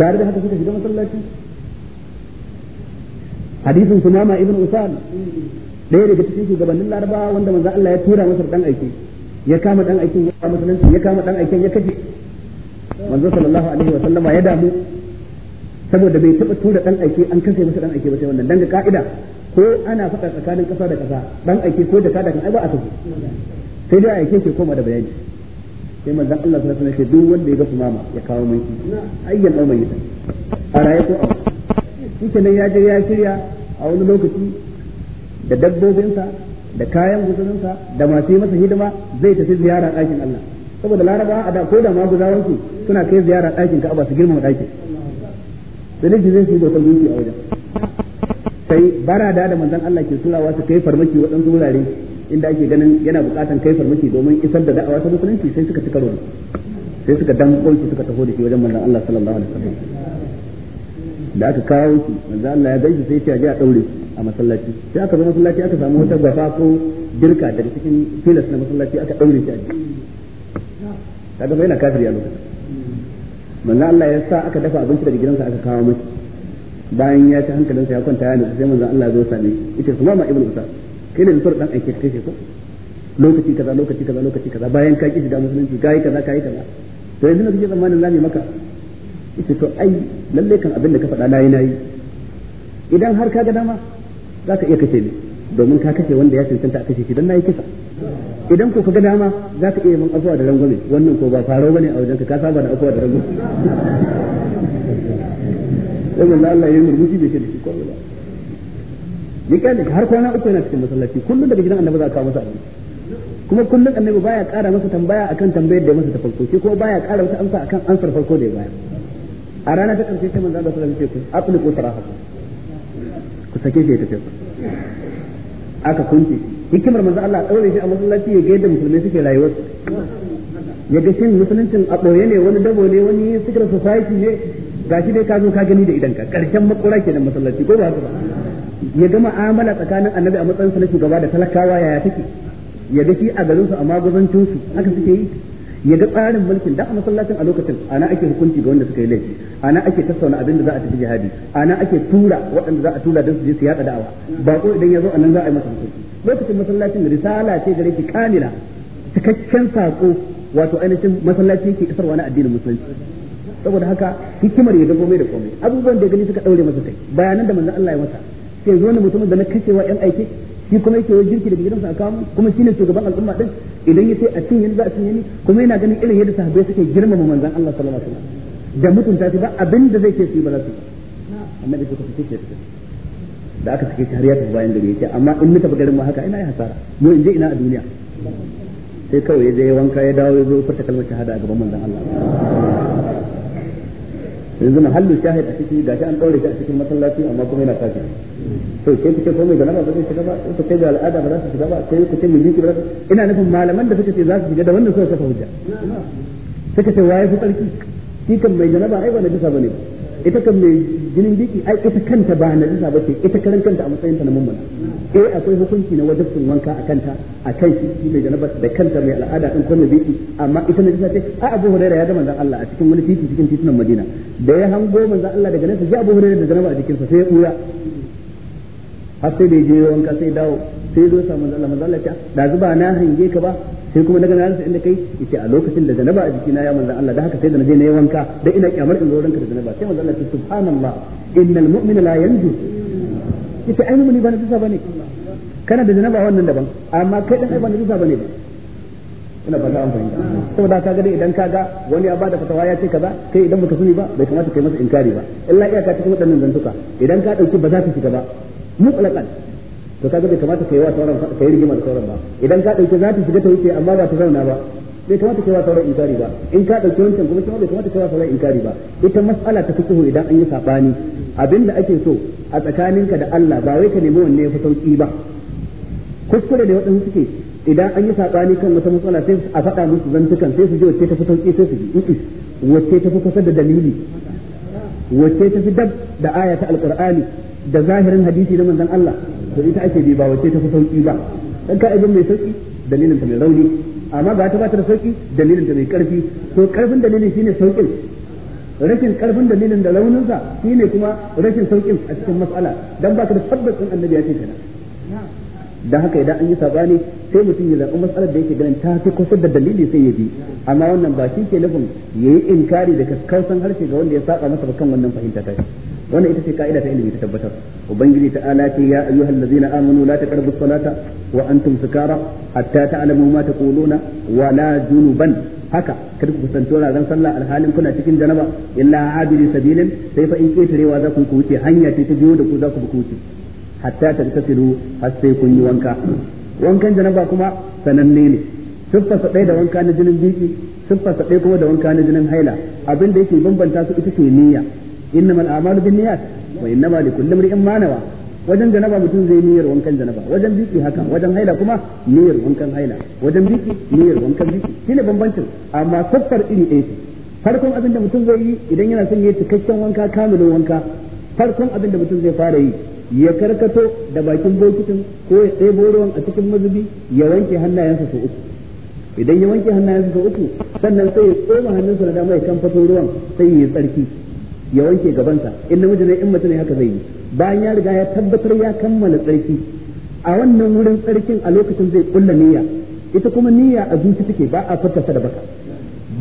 tare da haka suka shiga masallaci hadisin sumama ibn usal ɗaya daga cikin shugabannin larabawa wanda manzo Allah ya tura masa dan aiki ya kama dan aikin ya kama musulunci ya kama dan aikin ya kashe manzo sallallahu alaihi wa sallama ya damu saboda bai taba tura dan aiki an kashe masa dan aiki ba sai wannan danga ka'ida ko ana faɗa tsakanin ƙasa da ƙasa dan aike ko da ka daga ai ba a tafi sai dai aike ke koma da bayani sai manzon Allah sallallahu alaihi wasallam duk wanda ya ga sumama ya kawo mai shi ayyan au mai a raye ko shi nan ya je ya shirya a wani lokaci da dabbobinsa da kayan guzurinsa da masu yi masa hidima zai tafi ziyara ɗakin Allah saboda laraba a da ko da ma guzawansu suna kai ziyara ɗakin Ka'aba su girmama ɗakin da zai zai su yi gunki a wajen kai barada da manzon Allah ke turawa su kai farmaki waɗansu wurare inda ake ganin yana buƙatan kai farmaki domin isar da da'awa ta musulunci sai suka ci karo sai suka dan kauce suka taho da shi wajen manzon Allah sallallahu alaihi wasallam da aka kawo shi manzon Allah ya gaishe sai ya je a daure a masallaci sai aka zo masallaci aka samu wata gwafa ko dirka da cikin filas na masallaci aka daure shi a ji kaga bai na kafiri a lokacin manzon Allah ya sa aka dafa abinci daga gidansa aka kawo miki bayan ya ci hankalinsa ya kwanta ya nufi sai manzon Allah ya zo same shi yace sumama ibnu usad kai ne zuwa dan ka kai ko lokaci kaza lokaci kaza lokaci kaza bayan ka ki da musulunci kai kaza kai kaza to yanzu kake zamanin zamu maka ita to ai lalle kan abin da ka faɗa nayi nayi idan har ka ga dama za ka iya kashe ni domin ka kashe wanda ya cancanta a kashe shi dan nayi kisa idan ko ka ga dama za ka iya min afuwa da rangwame wannan ko ba faro bane a wajen ka ka saba da afuwa da rangwame sai manzo Allah ya yi murmushi bai ce da shi ko ba ni ya kyale har kwana uku yana cikin masallaci kullum daga gidan annabi za ka masa abinci kuma kullum annabi baya ƙara masa tambaya akan tambayar da masa ta farko ko baya ƙara wata amsa akan amsar farko da ya bayar a rana ta karshe sai manzo Allah sallallahu alaihi wasallam ya ce aqli qutaraha ku sake shi ta tafi aka kunce hikimar manzo Allah daure shi a masallaci ya ga yadda musulmai suke rayuwa ya ga shin musuluncin a ɓoye ne wani dabo ne wani secret society ne shi dai ka zo ka gani da idan ka karshen makura kenan masallaci ko ba haka ba ya ga amala tsakanin annabi a matsayin sa na shugaba da talakawa yaya take ya ga shi a garin su a maguzancin su haka suke yi ya ga tsarin mulkin da a masallacin a lokacin ana ake hukunci ga wanda suka yi laifi ana ake tattauna abin da za a tafi jihadi ana ake tura waɗanda za a tura don su je su yaɗa da'awa ba ko idan ya zo anan za a yi masa hukunci lokacin masallacin risala ce gare ki kamila cikakken saƙo wato ainihin masallaci yake isarwa na addinin musulunci saboda haka hikimar ya ga mai da komai abubuwan da gani suka daure masa kai bayanan da manzon Allah ya masa sai zo ne mutumin da na kashewa yan aiki shi kuma yake yin jirki daga gidansa a kawo kuma shi ne shugaban al'umma din idan ya ce a cin yanzu za a cin yanzu kuma yana ganin irin yadda sahabbai suke girmama manzon Allah sallallahu alaihi wasallam da mutunta shi ba abin da zai ce su ba za su amma da suka fice shi da aka sake shi har ya tafi bayan gari yake amma in muka garin ma haka ina yi hasara mu in je ina a duniya sai kawai ya je wanka ya dawo ya zo fata kalmar shahada a gaban manzon Allah yanzu mahallu shahid a ciki gashi an daure shi a cikin masallaci amma kuma yana kafiri to kai kike komai da ba zai shiga ba to kai da al'ada ba za su shiga ba kai kuke miliki ba ina nufin malaman da suka ce za su shiga da wanda suka kafa hujja suka ce waye fi tsarki shi kan mai janaba ai ba na bisa bane ba ita kan mai jinin biki ai ita kanta ba na ba ce ita karan kanta a matsayin ta na mummuna eh akwai hukunci na wajibin wanka a kanta a kai shi mai janaba da kanta mai al'ada din kuma biki amma ita najisa ce a Abu Hurairah ya ga manzon Allah a cikin wani titi cikin titunan Madina da ya hango manzon Allah daga nesa sai Abu Hurairah da janaba a jikinsa sai ya kura. har sai da je wanka sai dawo sai zo sa manzon Allah manzon Allah ya da zuba na hange ka ba sai kuma daga nan inda kai yace a lokacin da janaba a jikina ya manzon Allah da haka sai da naje ne yi wanka da ina kyamar in zo ranka da janaba sai manzon Allah ya subhanallah innal mu'mina la yanju yace ai mu'mini ba na tsaba ne. kana da janaba wannan daban amma kai dan ai ba na tsaba ne ba ina ba an fahimta saboda ka ga idan kaga wani ya bada fatawa ya ce kaza kai idan baka sani ba bai kamata kai masa inkari ba illa iyaka cikin waɗannan zantuka idan ka dauki ba za ta shiga ba mutlaqan to kaga bai kamata kai wa sauran kai rigima da sauran ba idan ka dauke za ta shiga ta wuce amma ba ta zauna ba bai kamata kai wa sauran inkari ba in ka dauke wancan kuma kuma bai kamata kai wa sauran inkari ba ita mas'ala ta fiqhu idan an yi sabani abinda ake so a tsakaninka da Allah ba wai ka nemi wanne yafi sauki ba kuskure da waɗansu suke idan an yi sabani kan wata matsala sai a faɗa musu zantukan sai su ji wacce ta fi sauki sai su ji wacce ta fi kusa da dalili wacce ta fi dab da aya ta alqur'ani da zahirin hadisi na manzon Allah to ita ake bi ba wace ta fi sauki ba dan ka'idar mai sauki dalilin ta mai rauni amma ba ta ba ta da sauki dalilin ta mai karfi to karfin dalilin shine saukin rashin karfin dalilin da sa shine kuma rashin saukin a cikin mas'ala dan ka da tabbacin annabi ya ce kana da haka idan an yi sabani sai mutum ya zaɓi matsalar da yake ganin ta fi kusa da dalili sai ya bi amma wannan ba shi ke nufin yayi inkari da kakkausan harshe ga wanda ya saba masa kan wannan fahimta ta wannan ita ce ka'ida ta ilimi ta tabbatar ubangiji ta ala ce ya ayyuhal ladzina amanu la taqrabu salata wa antum sukara hatta ta'lamu ma taquluna wa la junuban haka kada ku kusanto ran sallah alhalin kuna cikin janaba illa abiri sabilin sai fa in ketarewa za ku wuce hanya ce ta biyo da ku za ku wuce hatta tagtasilu har sai kun yi wanka wankan janaba kuma sananne ne siffarsa ɗaya da wanka na jinin biki siffarsa ɗaya kuma da wanka na jinin haila abin da yake bambanta su ita ce niyya innamal a'malu binniyat wa innama likulli imrin ma nawa wajen janaba mutum zai niyyar wankan janaba wajen biki haka wajen haila kuma niyyar wankan haila wajen biki niyyar wankan biki shine bambancin amma saffar iri ɗaya ce farkon abin da mutum zai yi idan yana son yayi cikakken wanka kamilin wanka farkon abin da mutum zai fara yi ya karkato da bakin bokitin ko ya ɗebo ruwan a cikin mazubi ya wanke hannayensa sau uku idan ya wanke hannayensa sau uku sannan sai ya tsoma hannunsa na dama ya kan fato ruwan sai ya yi tsarki ya wanke gabansa in namiji ne in mace ne haka zai yi bayan ya riga ya tabbatar ya kammala tsarki a wannan wurin tsarkin a lokacin zai kulla niyya ita kuma niyya a zuci take ba a farfasa da baka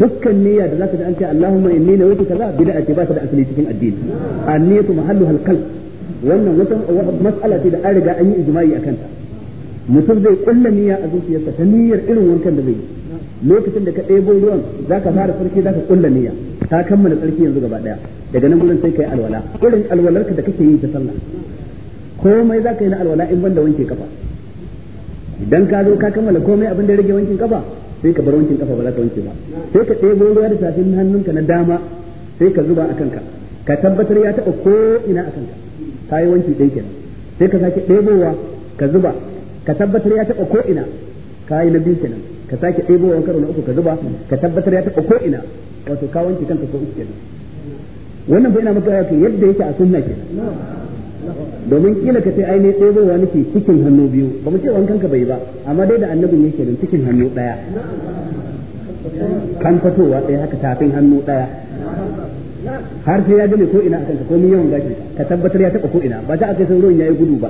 dukkan niyya da zaka ji an ce Allahumma inni nawaitu kaza bid'a ce ba ta da asali cikin addini an-niyyatu mahalluha al wannan wata mas'ala ce da an riga an yi ijma'i akan ta mutum zai kulla niyya a zuciyarsa ta niyyar irin wankan da zai yi lokacin da ka ɗebo ruwan zaka fara sarki zaka kulla niyya ta kammala tsarki yanzu gaba daya daga nan gurin sai kai alwala irin alwalarka da kake yi ta sallah komai za ka yi na alwala in banda wanke kafa idan ka zo ka kammala komai abin da rage wankin kafa sai ka bar wankin kafa ba za ka wanke ba sai ka ɗebo ruwa da safin hannunka na dama sai ka zuba a kanka ka tabbatar ya taɓa ko ina a kanka ka yi wanki ɗai kenan sai ka sake ɗebowa ka zuba ka tabbatar ya taɓa ko ina ka yi na biyu kenan ka sake ɗebo wani karo na uku ka zuba ka tabbatar ya taɓa ko ina wato kawanci kanta kanka ko uku kenan wannan bai na maka yake yadda yake a sunna kenan domin kila ka sai ainihin wa nake cikin hannu biyu ba mu ce wankan ka bai ba amma dai da annabin yake da cikin hannu ɗaya kan fatowa ɗaya haka tafin hannu ɗaya har sai ya gane ko ina akan ka komai yawan gashi ka tabbatar ya taɓa ko ina ba za a kai sai ruwan yayi gudu ba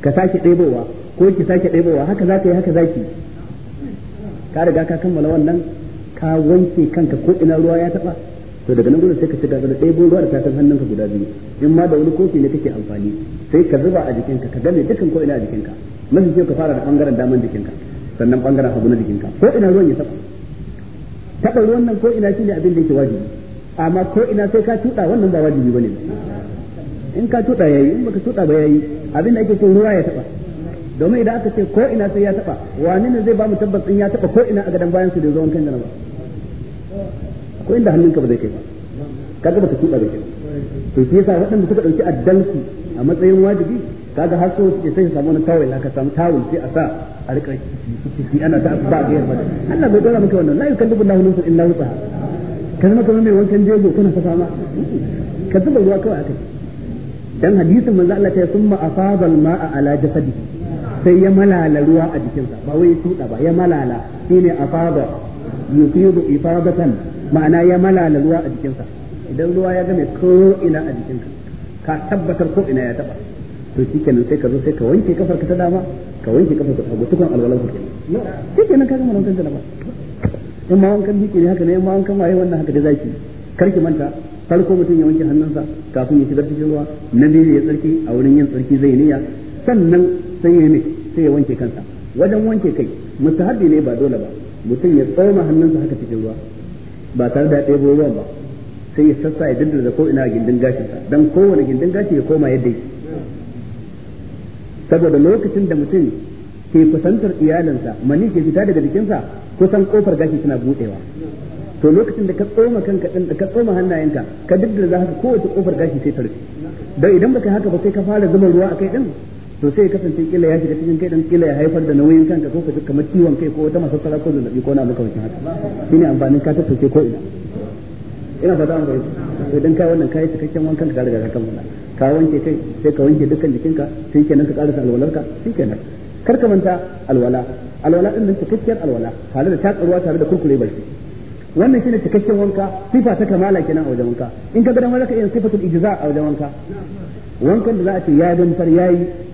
ka sake ɗebowa ko ki sake ɗebowa haka za ka yi haka za ki ka riga ka kammala wannan ka wanke kanka ko ina ruwa ya taba to daga nan gudun sai ka ci gaba da ɗebo ruwa da tafin hannunka guda biyu in ma da wani kofi ne kake amfani sai ka zuba a jikinka ka gane dukkan ko ina a jikinka mafi kyau ka fara da bangaren daman jikinka sannan bangaren hagu na jikinka ko ina ruwan ya taba taba ruwan nan ko ina shine abin da yake wajibi amma ko ina sai ka tuda wannan ba wajibi bane in ka tuda yayi in baka tuda ba yayi abin da ake cewa ruwa ya taba domin idan aka ce ko ina sai ya taba wani ne zai ba mu tabbacin ya taba ko ina a gadan bayan su da zuwan kan janaba ko inda hannunka ba zai kai ba kaga ta tuba da kai to shi yasa waɗanda suka dauki addalci a matsayin wajibi kaga har so suke sai su samu wani tawul ka samu tawul sai a sa a rika shi ana ta ba ga yarda Allah bai dora maka wannan la yukallu billahu nafsan illa wusaha ka zama kamar mai wankan jego kuna ta fama ka zuba ruwa kawai kai. dan hadisin manzo Allah ta summa afadal ma'a ala jasadihi sai ya malala ruwa a jikinsa ba wai tuda ba ya malala shine afada yufidu ifadatan ma'ana ya malala ruwa a jikinsa idan ruwa ya game ko ina a jikinka ka tabbatar ko ina ya taba to shikenan sai ka zo sai ka wanke kafarka ta dama ka wanke kafarka ta hagu tukun alwalan ka kenan shikenan ka gama wankan da ba in ma wankan jiki ne haka ne in ma wankan waye wannan haka da zaki karki manta farko mutum ya wanke hannunsa kafin ya shigar cikin ruwa na biyu ya tsarki a wurin yin tsarki zai niyya sannan sai ya ne sai ya wanke kansa wajen wanke kai mustahabi ne ba dole ba mutum ya tsoma hannunsa haka cikin ruwa ba tare da ɗebo ruwan ba sai ya sassa ya dindindin ko ina gindin gashinsa dan kowane gindin gashi ya koma yadda yake saboda lokacin da mutum ke kusantar iyalinsa mani ke fita daga jikinsa kusan kofar gashi suna budewa to lokacin da ka tsoma kanka din ka tsoma hannayenka ka dindindin za kowace kofar gashi sai ta rufe dan idan baka haka ba sai ka fara zuba ruwa akai din to sai kasance kila ya shiga cikin kai dan kila ya haifar da nauyin kanka ko ka ji kamar ciwon kai ko wata masassara ko labi ko na maka wancan haka shine amfanin ka tattace ko ina ina fata an bai to dan kai wannan kai cikakken wankan ka daga kan kammala ka wanke kai sai ka wanke dukkan jikinka sai kenan ka karasa alwalarka sai kenan kar ka manta alwala alwala din nan cikakken alwala tare da takarwa tare da kurkure barci wannan shine cikakken wanka sifa ta kamala kenan a wajen wanka in ka ga dan wani yin sifatul ijza a wajen wanka wankan da za a ce ya gamsar yayi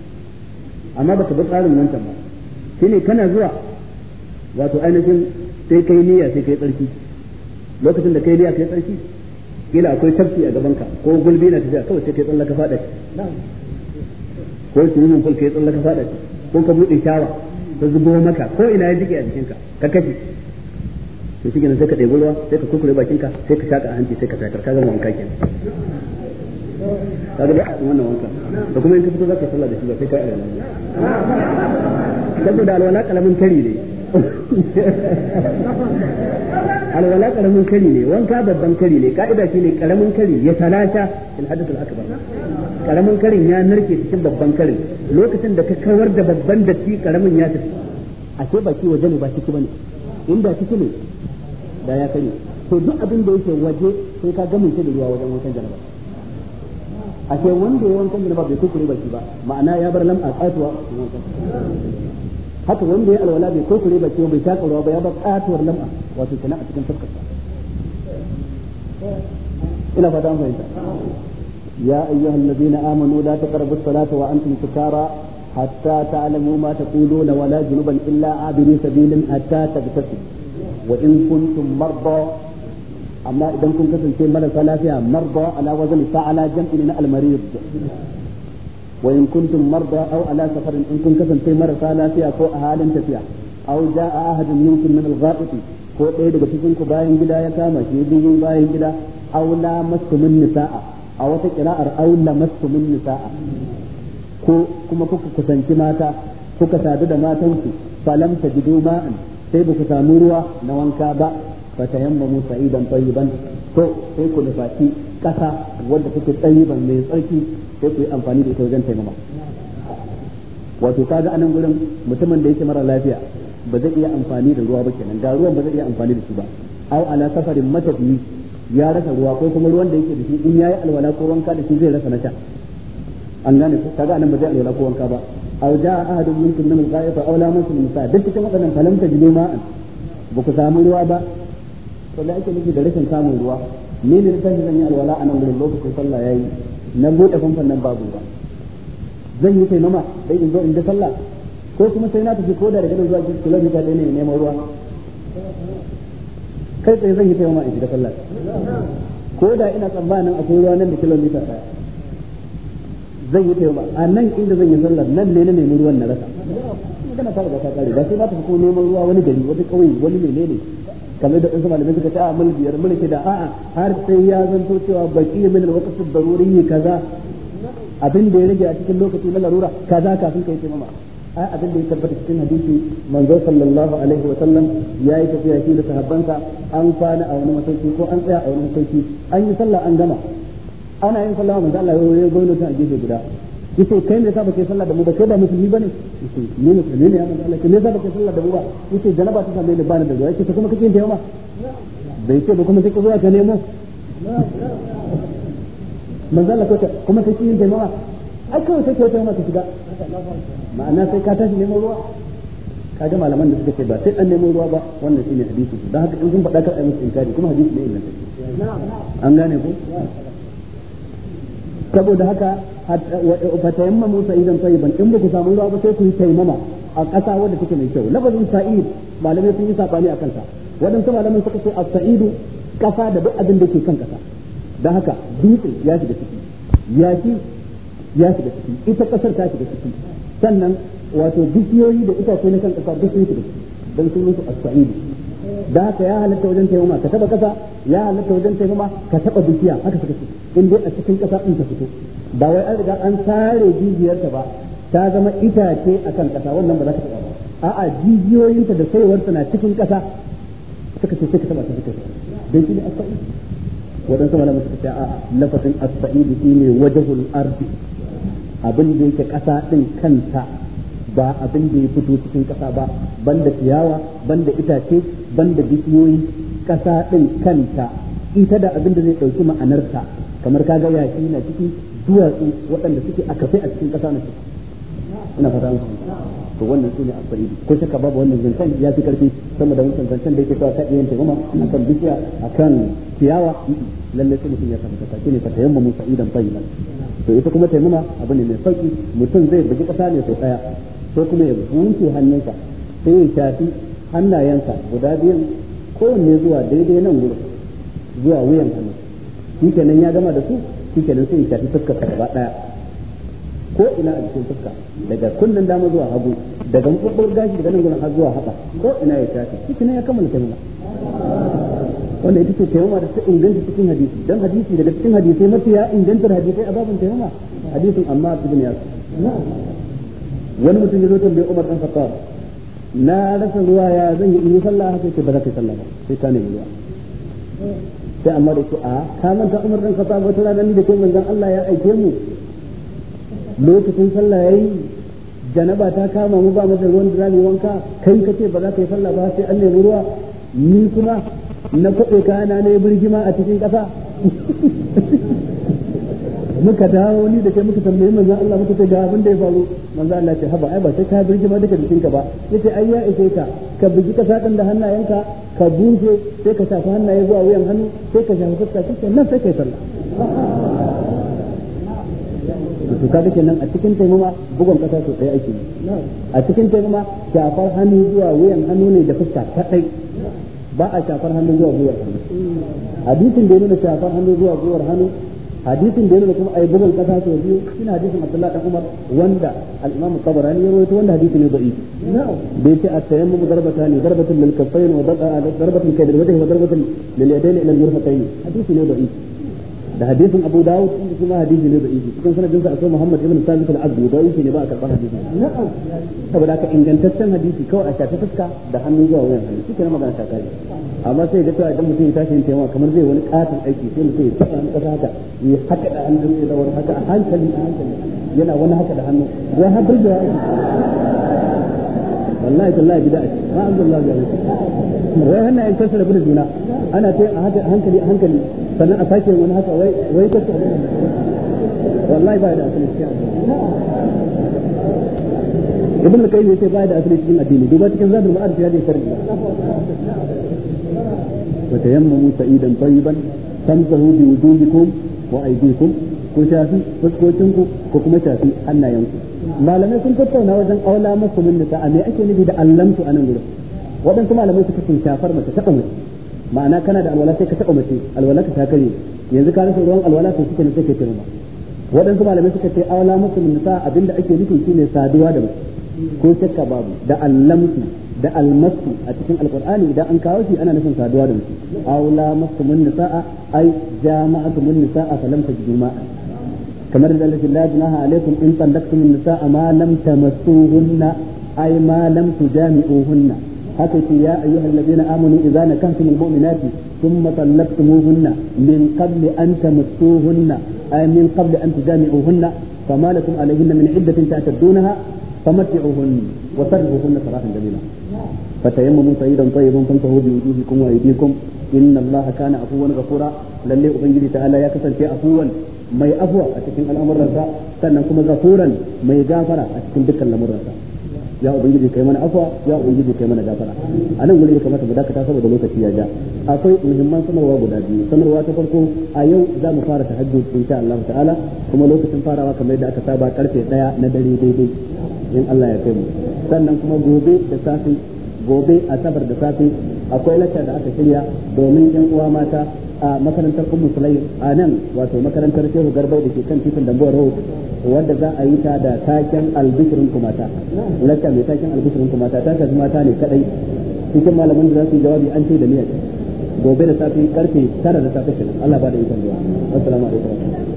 amma baka bi tsarin wancan ba shine kana zuwa wato ainihin sai kai niyya sai kai tsarki lokacin da kai niyya kai tsarki kila akwai tafki a gaban ka ko gulbi na tafiya kawai sai kai tsallaka fada ko sunan ful kai tsallaka fada ko ka bude shawa ka zubo maka ko ina ya jike a jikinka ka kashe to shi sai ka ɗebi ruwa sai ka kukure bakinka sai ka shaka a hanci sai ka sakar ka gama wanka kenan kaga dai wannan wanka da kuma in ka fito zaka sallah da shi ba sai ka yi alwala saboda alwala kalamin kari ne alwala karamin kari ne wanka babban kari ne ka'ida shi ne karamin kari ya talata in hadith al-akbar karamin karin ya narke cikin babban karin lokacin da ka kawar da babban datti karamin ya tafi a ce baki waje ne ba ciki bane in ba ciki ne da ya kare to duk abin da yake waje sai ka gamin da ruwa wajen wajen janaba ashe wanda ya da ba bai kokure baki ba ma'ana ya bar lam katuwa haka wanda ya alwala bai kokure baki ba bai takarwa ba ya bar katuwar lam'a wato kana a cikin fuskarsa ina fata an fahimta ya ayyuhal ladina يا أيها الذين آمنوا wa antum sukara hatta ta'lamu ma taquluna wa la junuban illa إلا sabilin hatta حتى wa in kuntum marda amma idan kun kasance marasa lafiya marda ala wazan ala jam'i na al-marid wa in kuntum marba aw ala safarin in kun kasance marasa lafiya ko a halin tafiya aw jaa ahadun minkum min al ko ɗaya daga cikin ku bayan gida ya kama shi biyu bayan gida aw la masumun nisaa a wata qira'ar aw la masumun nisaa ko kuma kuka kusanci mata kuka sadu da matanku falam tajidu ma'an sai ba ku samu ruwa na wanka ba fatayammamu sa'idan tayyiban to sai ku nufaci kasa wanda take tayyiban mai tsarki sai ku yi amfani da ita wajen taimama wato kaga anan gurin mutumin da yake mara lafiya ba zai iya amfani da ruwa ba kenan ga ruwan ba zai iya amfani da shi ba au ala safarin matafi ya rasa ruwa ko kuma ruwan da yake da shi in yayi alwala ko wanka da shi zai rasa na sha an gane ko kaga anan ba zai alwala ko wanka ba aw jaa ahadun minkum min al-ghaibi aw la masul musa duk cikin wadannan falanta tajlu ba ku samu ruwa ba to da ake nufi da rashin samun ruwa ni ne tashi zan yi alwala a nan gurin lokacin sallah yayi na bude famfan nan babu ruwa zan yi taimama dai in zo in da sallah ko kuma sai na tafi ko da daga zuwa kilomita ɗaya ne neman ruwa kai tsaye zan yi taimama in shiga sallah ko da ina tsammanin akwai ruwa nan da kilomita ɗaya zan yi taimama a nan inda zan yi sallah nan ne na nemi ruwan na rasa magana ta riga ta kare ba sai na tafi ko neman ruwa wani gari wani ƙauye wani menene kamar da wasu malamai suka ce a mun biyar mun da a'a har sai ya zanto cewa baki min alwaqt ad-daruri kaza abin da ya rage a cikin lokaci na larura kaza kafin kai taimama a abin da ya tabbata cikin hadisi manzo sallallahu alaihi wa sallam yayi tafiya shi da sahabbansa an kwana a wani masauki ko an tsaya a wani masauki an yi sallah an gama ana yin sallah manzo Allah ya goyi a gefe guda yace kai ne saba kai sallah da mu ba kai ba musulmi bane yace ne ne ne ne amma Allah kai ne saba kai sallah da mu ba yace janaba ta same ne ba ne da ruwa yace ta kuma kake taimama bai ce ba kuma sai ka zuwa ka nemo manzo Allah ko kuma yin da taimama ai kawai sai kai taimama ka shiga ma'ana sai ka tashi nemo ruwa kaga malaman da suka ce ba sai an nemo ruwa ba wannan shine hadisi dan haka in kun faɗa ka ai musu inkari kuma hadisi ne ne na'am an gane ku saboda haka fa tayamma musa idan tayyiban in ba ku samu ruwa ba sai ku yi taimama a ƙasa wadda take mai kyau lafazin sa'id malamai sun yi sabani a kansa waɗansu malamai suka ce as-sa'idu ƙasa da duk abin da ke kan ƙasa da haka dutse ya shiga ciki yashi ya shiga ciki ita ƙasar ta shiga ciki sannan wato bishiyoyi da itace na kan ƙasa duk sun shiga ciki dan sun musu as-sa'idu da haka ya halatta wajen taimama ka taba ƙasa ya halatta wajen taimama ka taba bishiya haka suka ce in dai a cikin ƙasa in ta fito ba wai an riga an sare jijiyarta ba ta zama itace a kan ƙasa wannan ba za ka taɓa ba a'a jijiyoyinta da saiwarta na cikin ƙasa suka ce sai ka taɓa ta suka don shi ne asfa'i waɗansu malamai suka ce a'a lafazin asfa'i da shi ne wajahul ardi abin da yake ƙasa ɗin kanta ba abin da ya fito cikin ƙasa ba banda ciyawa banda itace banda bishiyoyi ƙasa ɗin kanta ita da abin da zai ɗauki ma'anarta kamar ka ga yashi na ciki duwatsu waɗanda suke a kafe a cikin ƙasa na ciki ina fata muku to wannan a asali ko shakka babu wannan zancen ya fi karfi sama da wancan zancen da yake cewa ka iya yin a kan bishiya akan ciyawa lalle sai mutum ya kafa ta ne ka tayamma musa idan bayyinan to ita kuma taimama abu ne mai sauki mutum zai bugi ƙasa ne sai tsaya ko kuma ya buce hannunsa sai ya shafi hannayensa guda biyan kowanne zuwa daidai nan wurin zuwa wuyan hannu shi kenan ya gama da su shi kenan sai ya shafi fuska ta gaba daya ko ina a cikin fuska daga kullun dama zuwa hagu daga mabbar gashi daga nan gurin har zuwa haka ko ina ya shafi shi kenan ya kammala taimama wanda ita ce taimama da ta inganta cikin hadisi dan hadisi daga cikin hadisi hadisai mafiya inganta hadisi a babin taimama hadisin amma ibn yasir wani mutum ya zo tambaye Umar dan Khattab na rasa ruwa ya zan yi sallah haka ke ba za ka yi sallah ba sai ka nemi ruwa sai amma da su a ka ta umar dan kasa wata rana ni da kai manzon Allah ya aike mu lokacin sallah yayi ba ta kama mu ba mu da ruwan da wanka kai ka ce ba za ka yi sallah ba sai an nemi ruwa ni kuma na kwaɓe kayana na yi birgima a cikin ƙasa muka dawo ni da kai muka tambayi manzon Allah muka ce ga abin da ya faru manzon Allah ce haba ai ba sai ka birgi ma duka jikinka ba yace ai ya ishe ka ka bigi ka din da hannayenka ka buje sai ka shafa hannaye zuwa wuyan hannu sai ka shafa fuska kike nan sai kai sallah to kaga kenan a cikin taimama bugun kasa so sai ake a cikin taimama shafar hannu zuwa wuyan hannu ne da fuska kadai ba a shafar hannu zuwa wuyan hannu hadisin da ya nuna shafar hannu zuwa gwiwar hannu hadisin da yana kuma ai bugun kasa sau biyu shine hadisin Abdullahi dan Umar wanda al-Imam Tabarani ya rawaito wanda hadisi ne da'i bai ce at-tayammum darbatani darbatun lil kaffayn wa ah, darbatun kayl wajhi wa darbatun lil yadayn ila al-mirfaqayn hadisi ne da'i da hadisin Abu Dawud din kuma hadisi ne da'i cikin sanadin sa akwai Muhammad ibn Sabiq al-Azdi da yake ne ba a karban hadisi saboda ka ingantaccen hadisi kawai a shafi fuska da hannu zuwa wayan hannu shi ne magana ta kare amma sai ga cewa idan mutum ya tashi yin taimaka kamar zai wani katin aiki sai mutum ya tsaya an ƙasa haka ya haka da hannun da zama haka a hankali a hankali yana wani haka da hannu ya haɗar da ya wallahi tallahi bi a ma an zalla ga wai hannayen kasar da bude juna ana ta a haka hankali a hankali sannan a sake wani haka wai wai kansa wallahi ba da asali ibn al-qayyim yace ba da asali cikin addini duba cikin zadul ma'arif ya je sharhi fatayammamu sa'idan tayyiban tamsahu bi wujuhikum wa aydikum ku shafi fuskokinku ko kuma shafi hannayenku malamai sun tattauna wajen aula masu min nisa a me ake nufi da allamtu a nan gurin waɗansu malamai suka sun mace taɓa mace ma'ana kana da alwala sai ka taɓa mace alwala ka ta kare yanzu ka rasa ruwan alwala to suke ne sai ka waɗansu malamai suka ce aula masu min nisa abinda ake nufi shine saduwa da ko shakka babu da allamtu da almasu a cikin alkur'ani idan an kawo shi ana nufin saduwa da mutum aw la masumun nisaa ay jama'atumun nisaa falam tajidu ma'a kamar da Allah la junaha alaikum in tallaqtumun nisaa ma lam tamassuhunna ay ma lam tujami'uhunna haka ce ya ayyuhal ladina amanu idza nakahtumul mu'minati thumma tallaqtumuhunna min qabli an tamassuhunna ay min qabli an tujami'uhunna فما لكم عليهن من عدة تعتدونها فمتعوهن وسرهوهن سراحا جميلا fatayammamu sayidan tayyiban fantahu bi wujuhikum wa aydikum inna allaha kana afuwan ghafura lalle ubangiji ta'ala ya kasance afuwan mai afuwa a cikin al'amuransa sannan kuma ghafuran mai gafara a cikin dukkan lamuransa ya ubangiji kai mana afwa ya ubangiji kai mana gafara anan nan ya kamata mu dakata saboda lokaci ya ja akwai muhimman sanarwa guda biyu sanarwa ta farko a yau za mu fara tahajjud ta Allah ta'ala kuma lokacin farawa kamar yadda aka saba karfe 1 na dare daidai in Allah ya kai mu sannan kuma gobe da safe gobe asabar da safe akwai lacca da aka shirya domin yan uwa mata a makarantar ummu sulai a nan wato makarantar shehu garbai da ke kan titin dambuwa road wadda za a yi ta da taken albishirin kumata lakka mai taken albishirin kumata ta kasu mata ne kadai cikin malaman da za su yi jawabi an ce da niyyar gobe da safi karfe tara da safi kenan Allah ba da ikon zuwa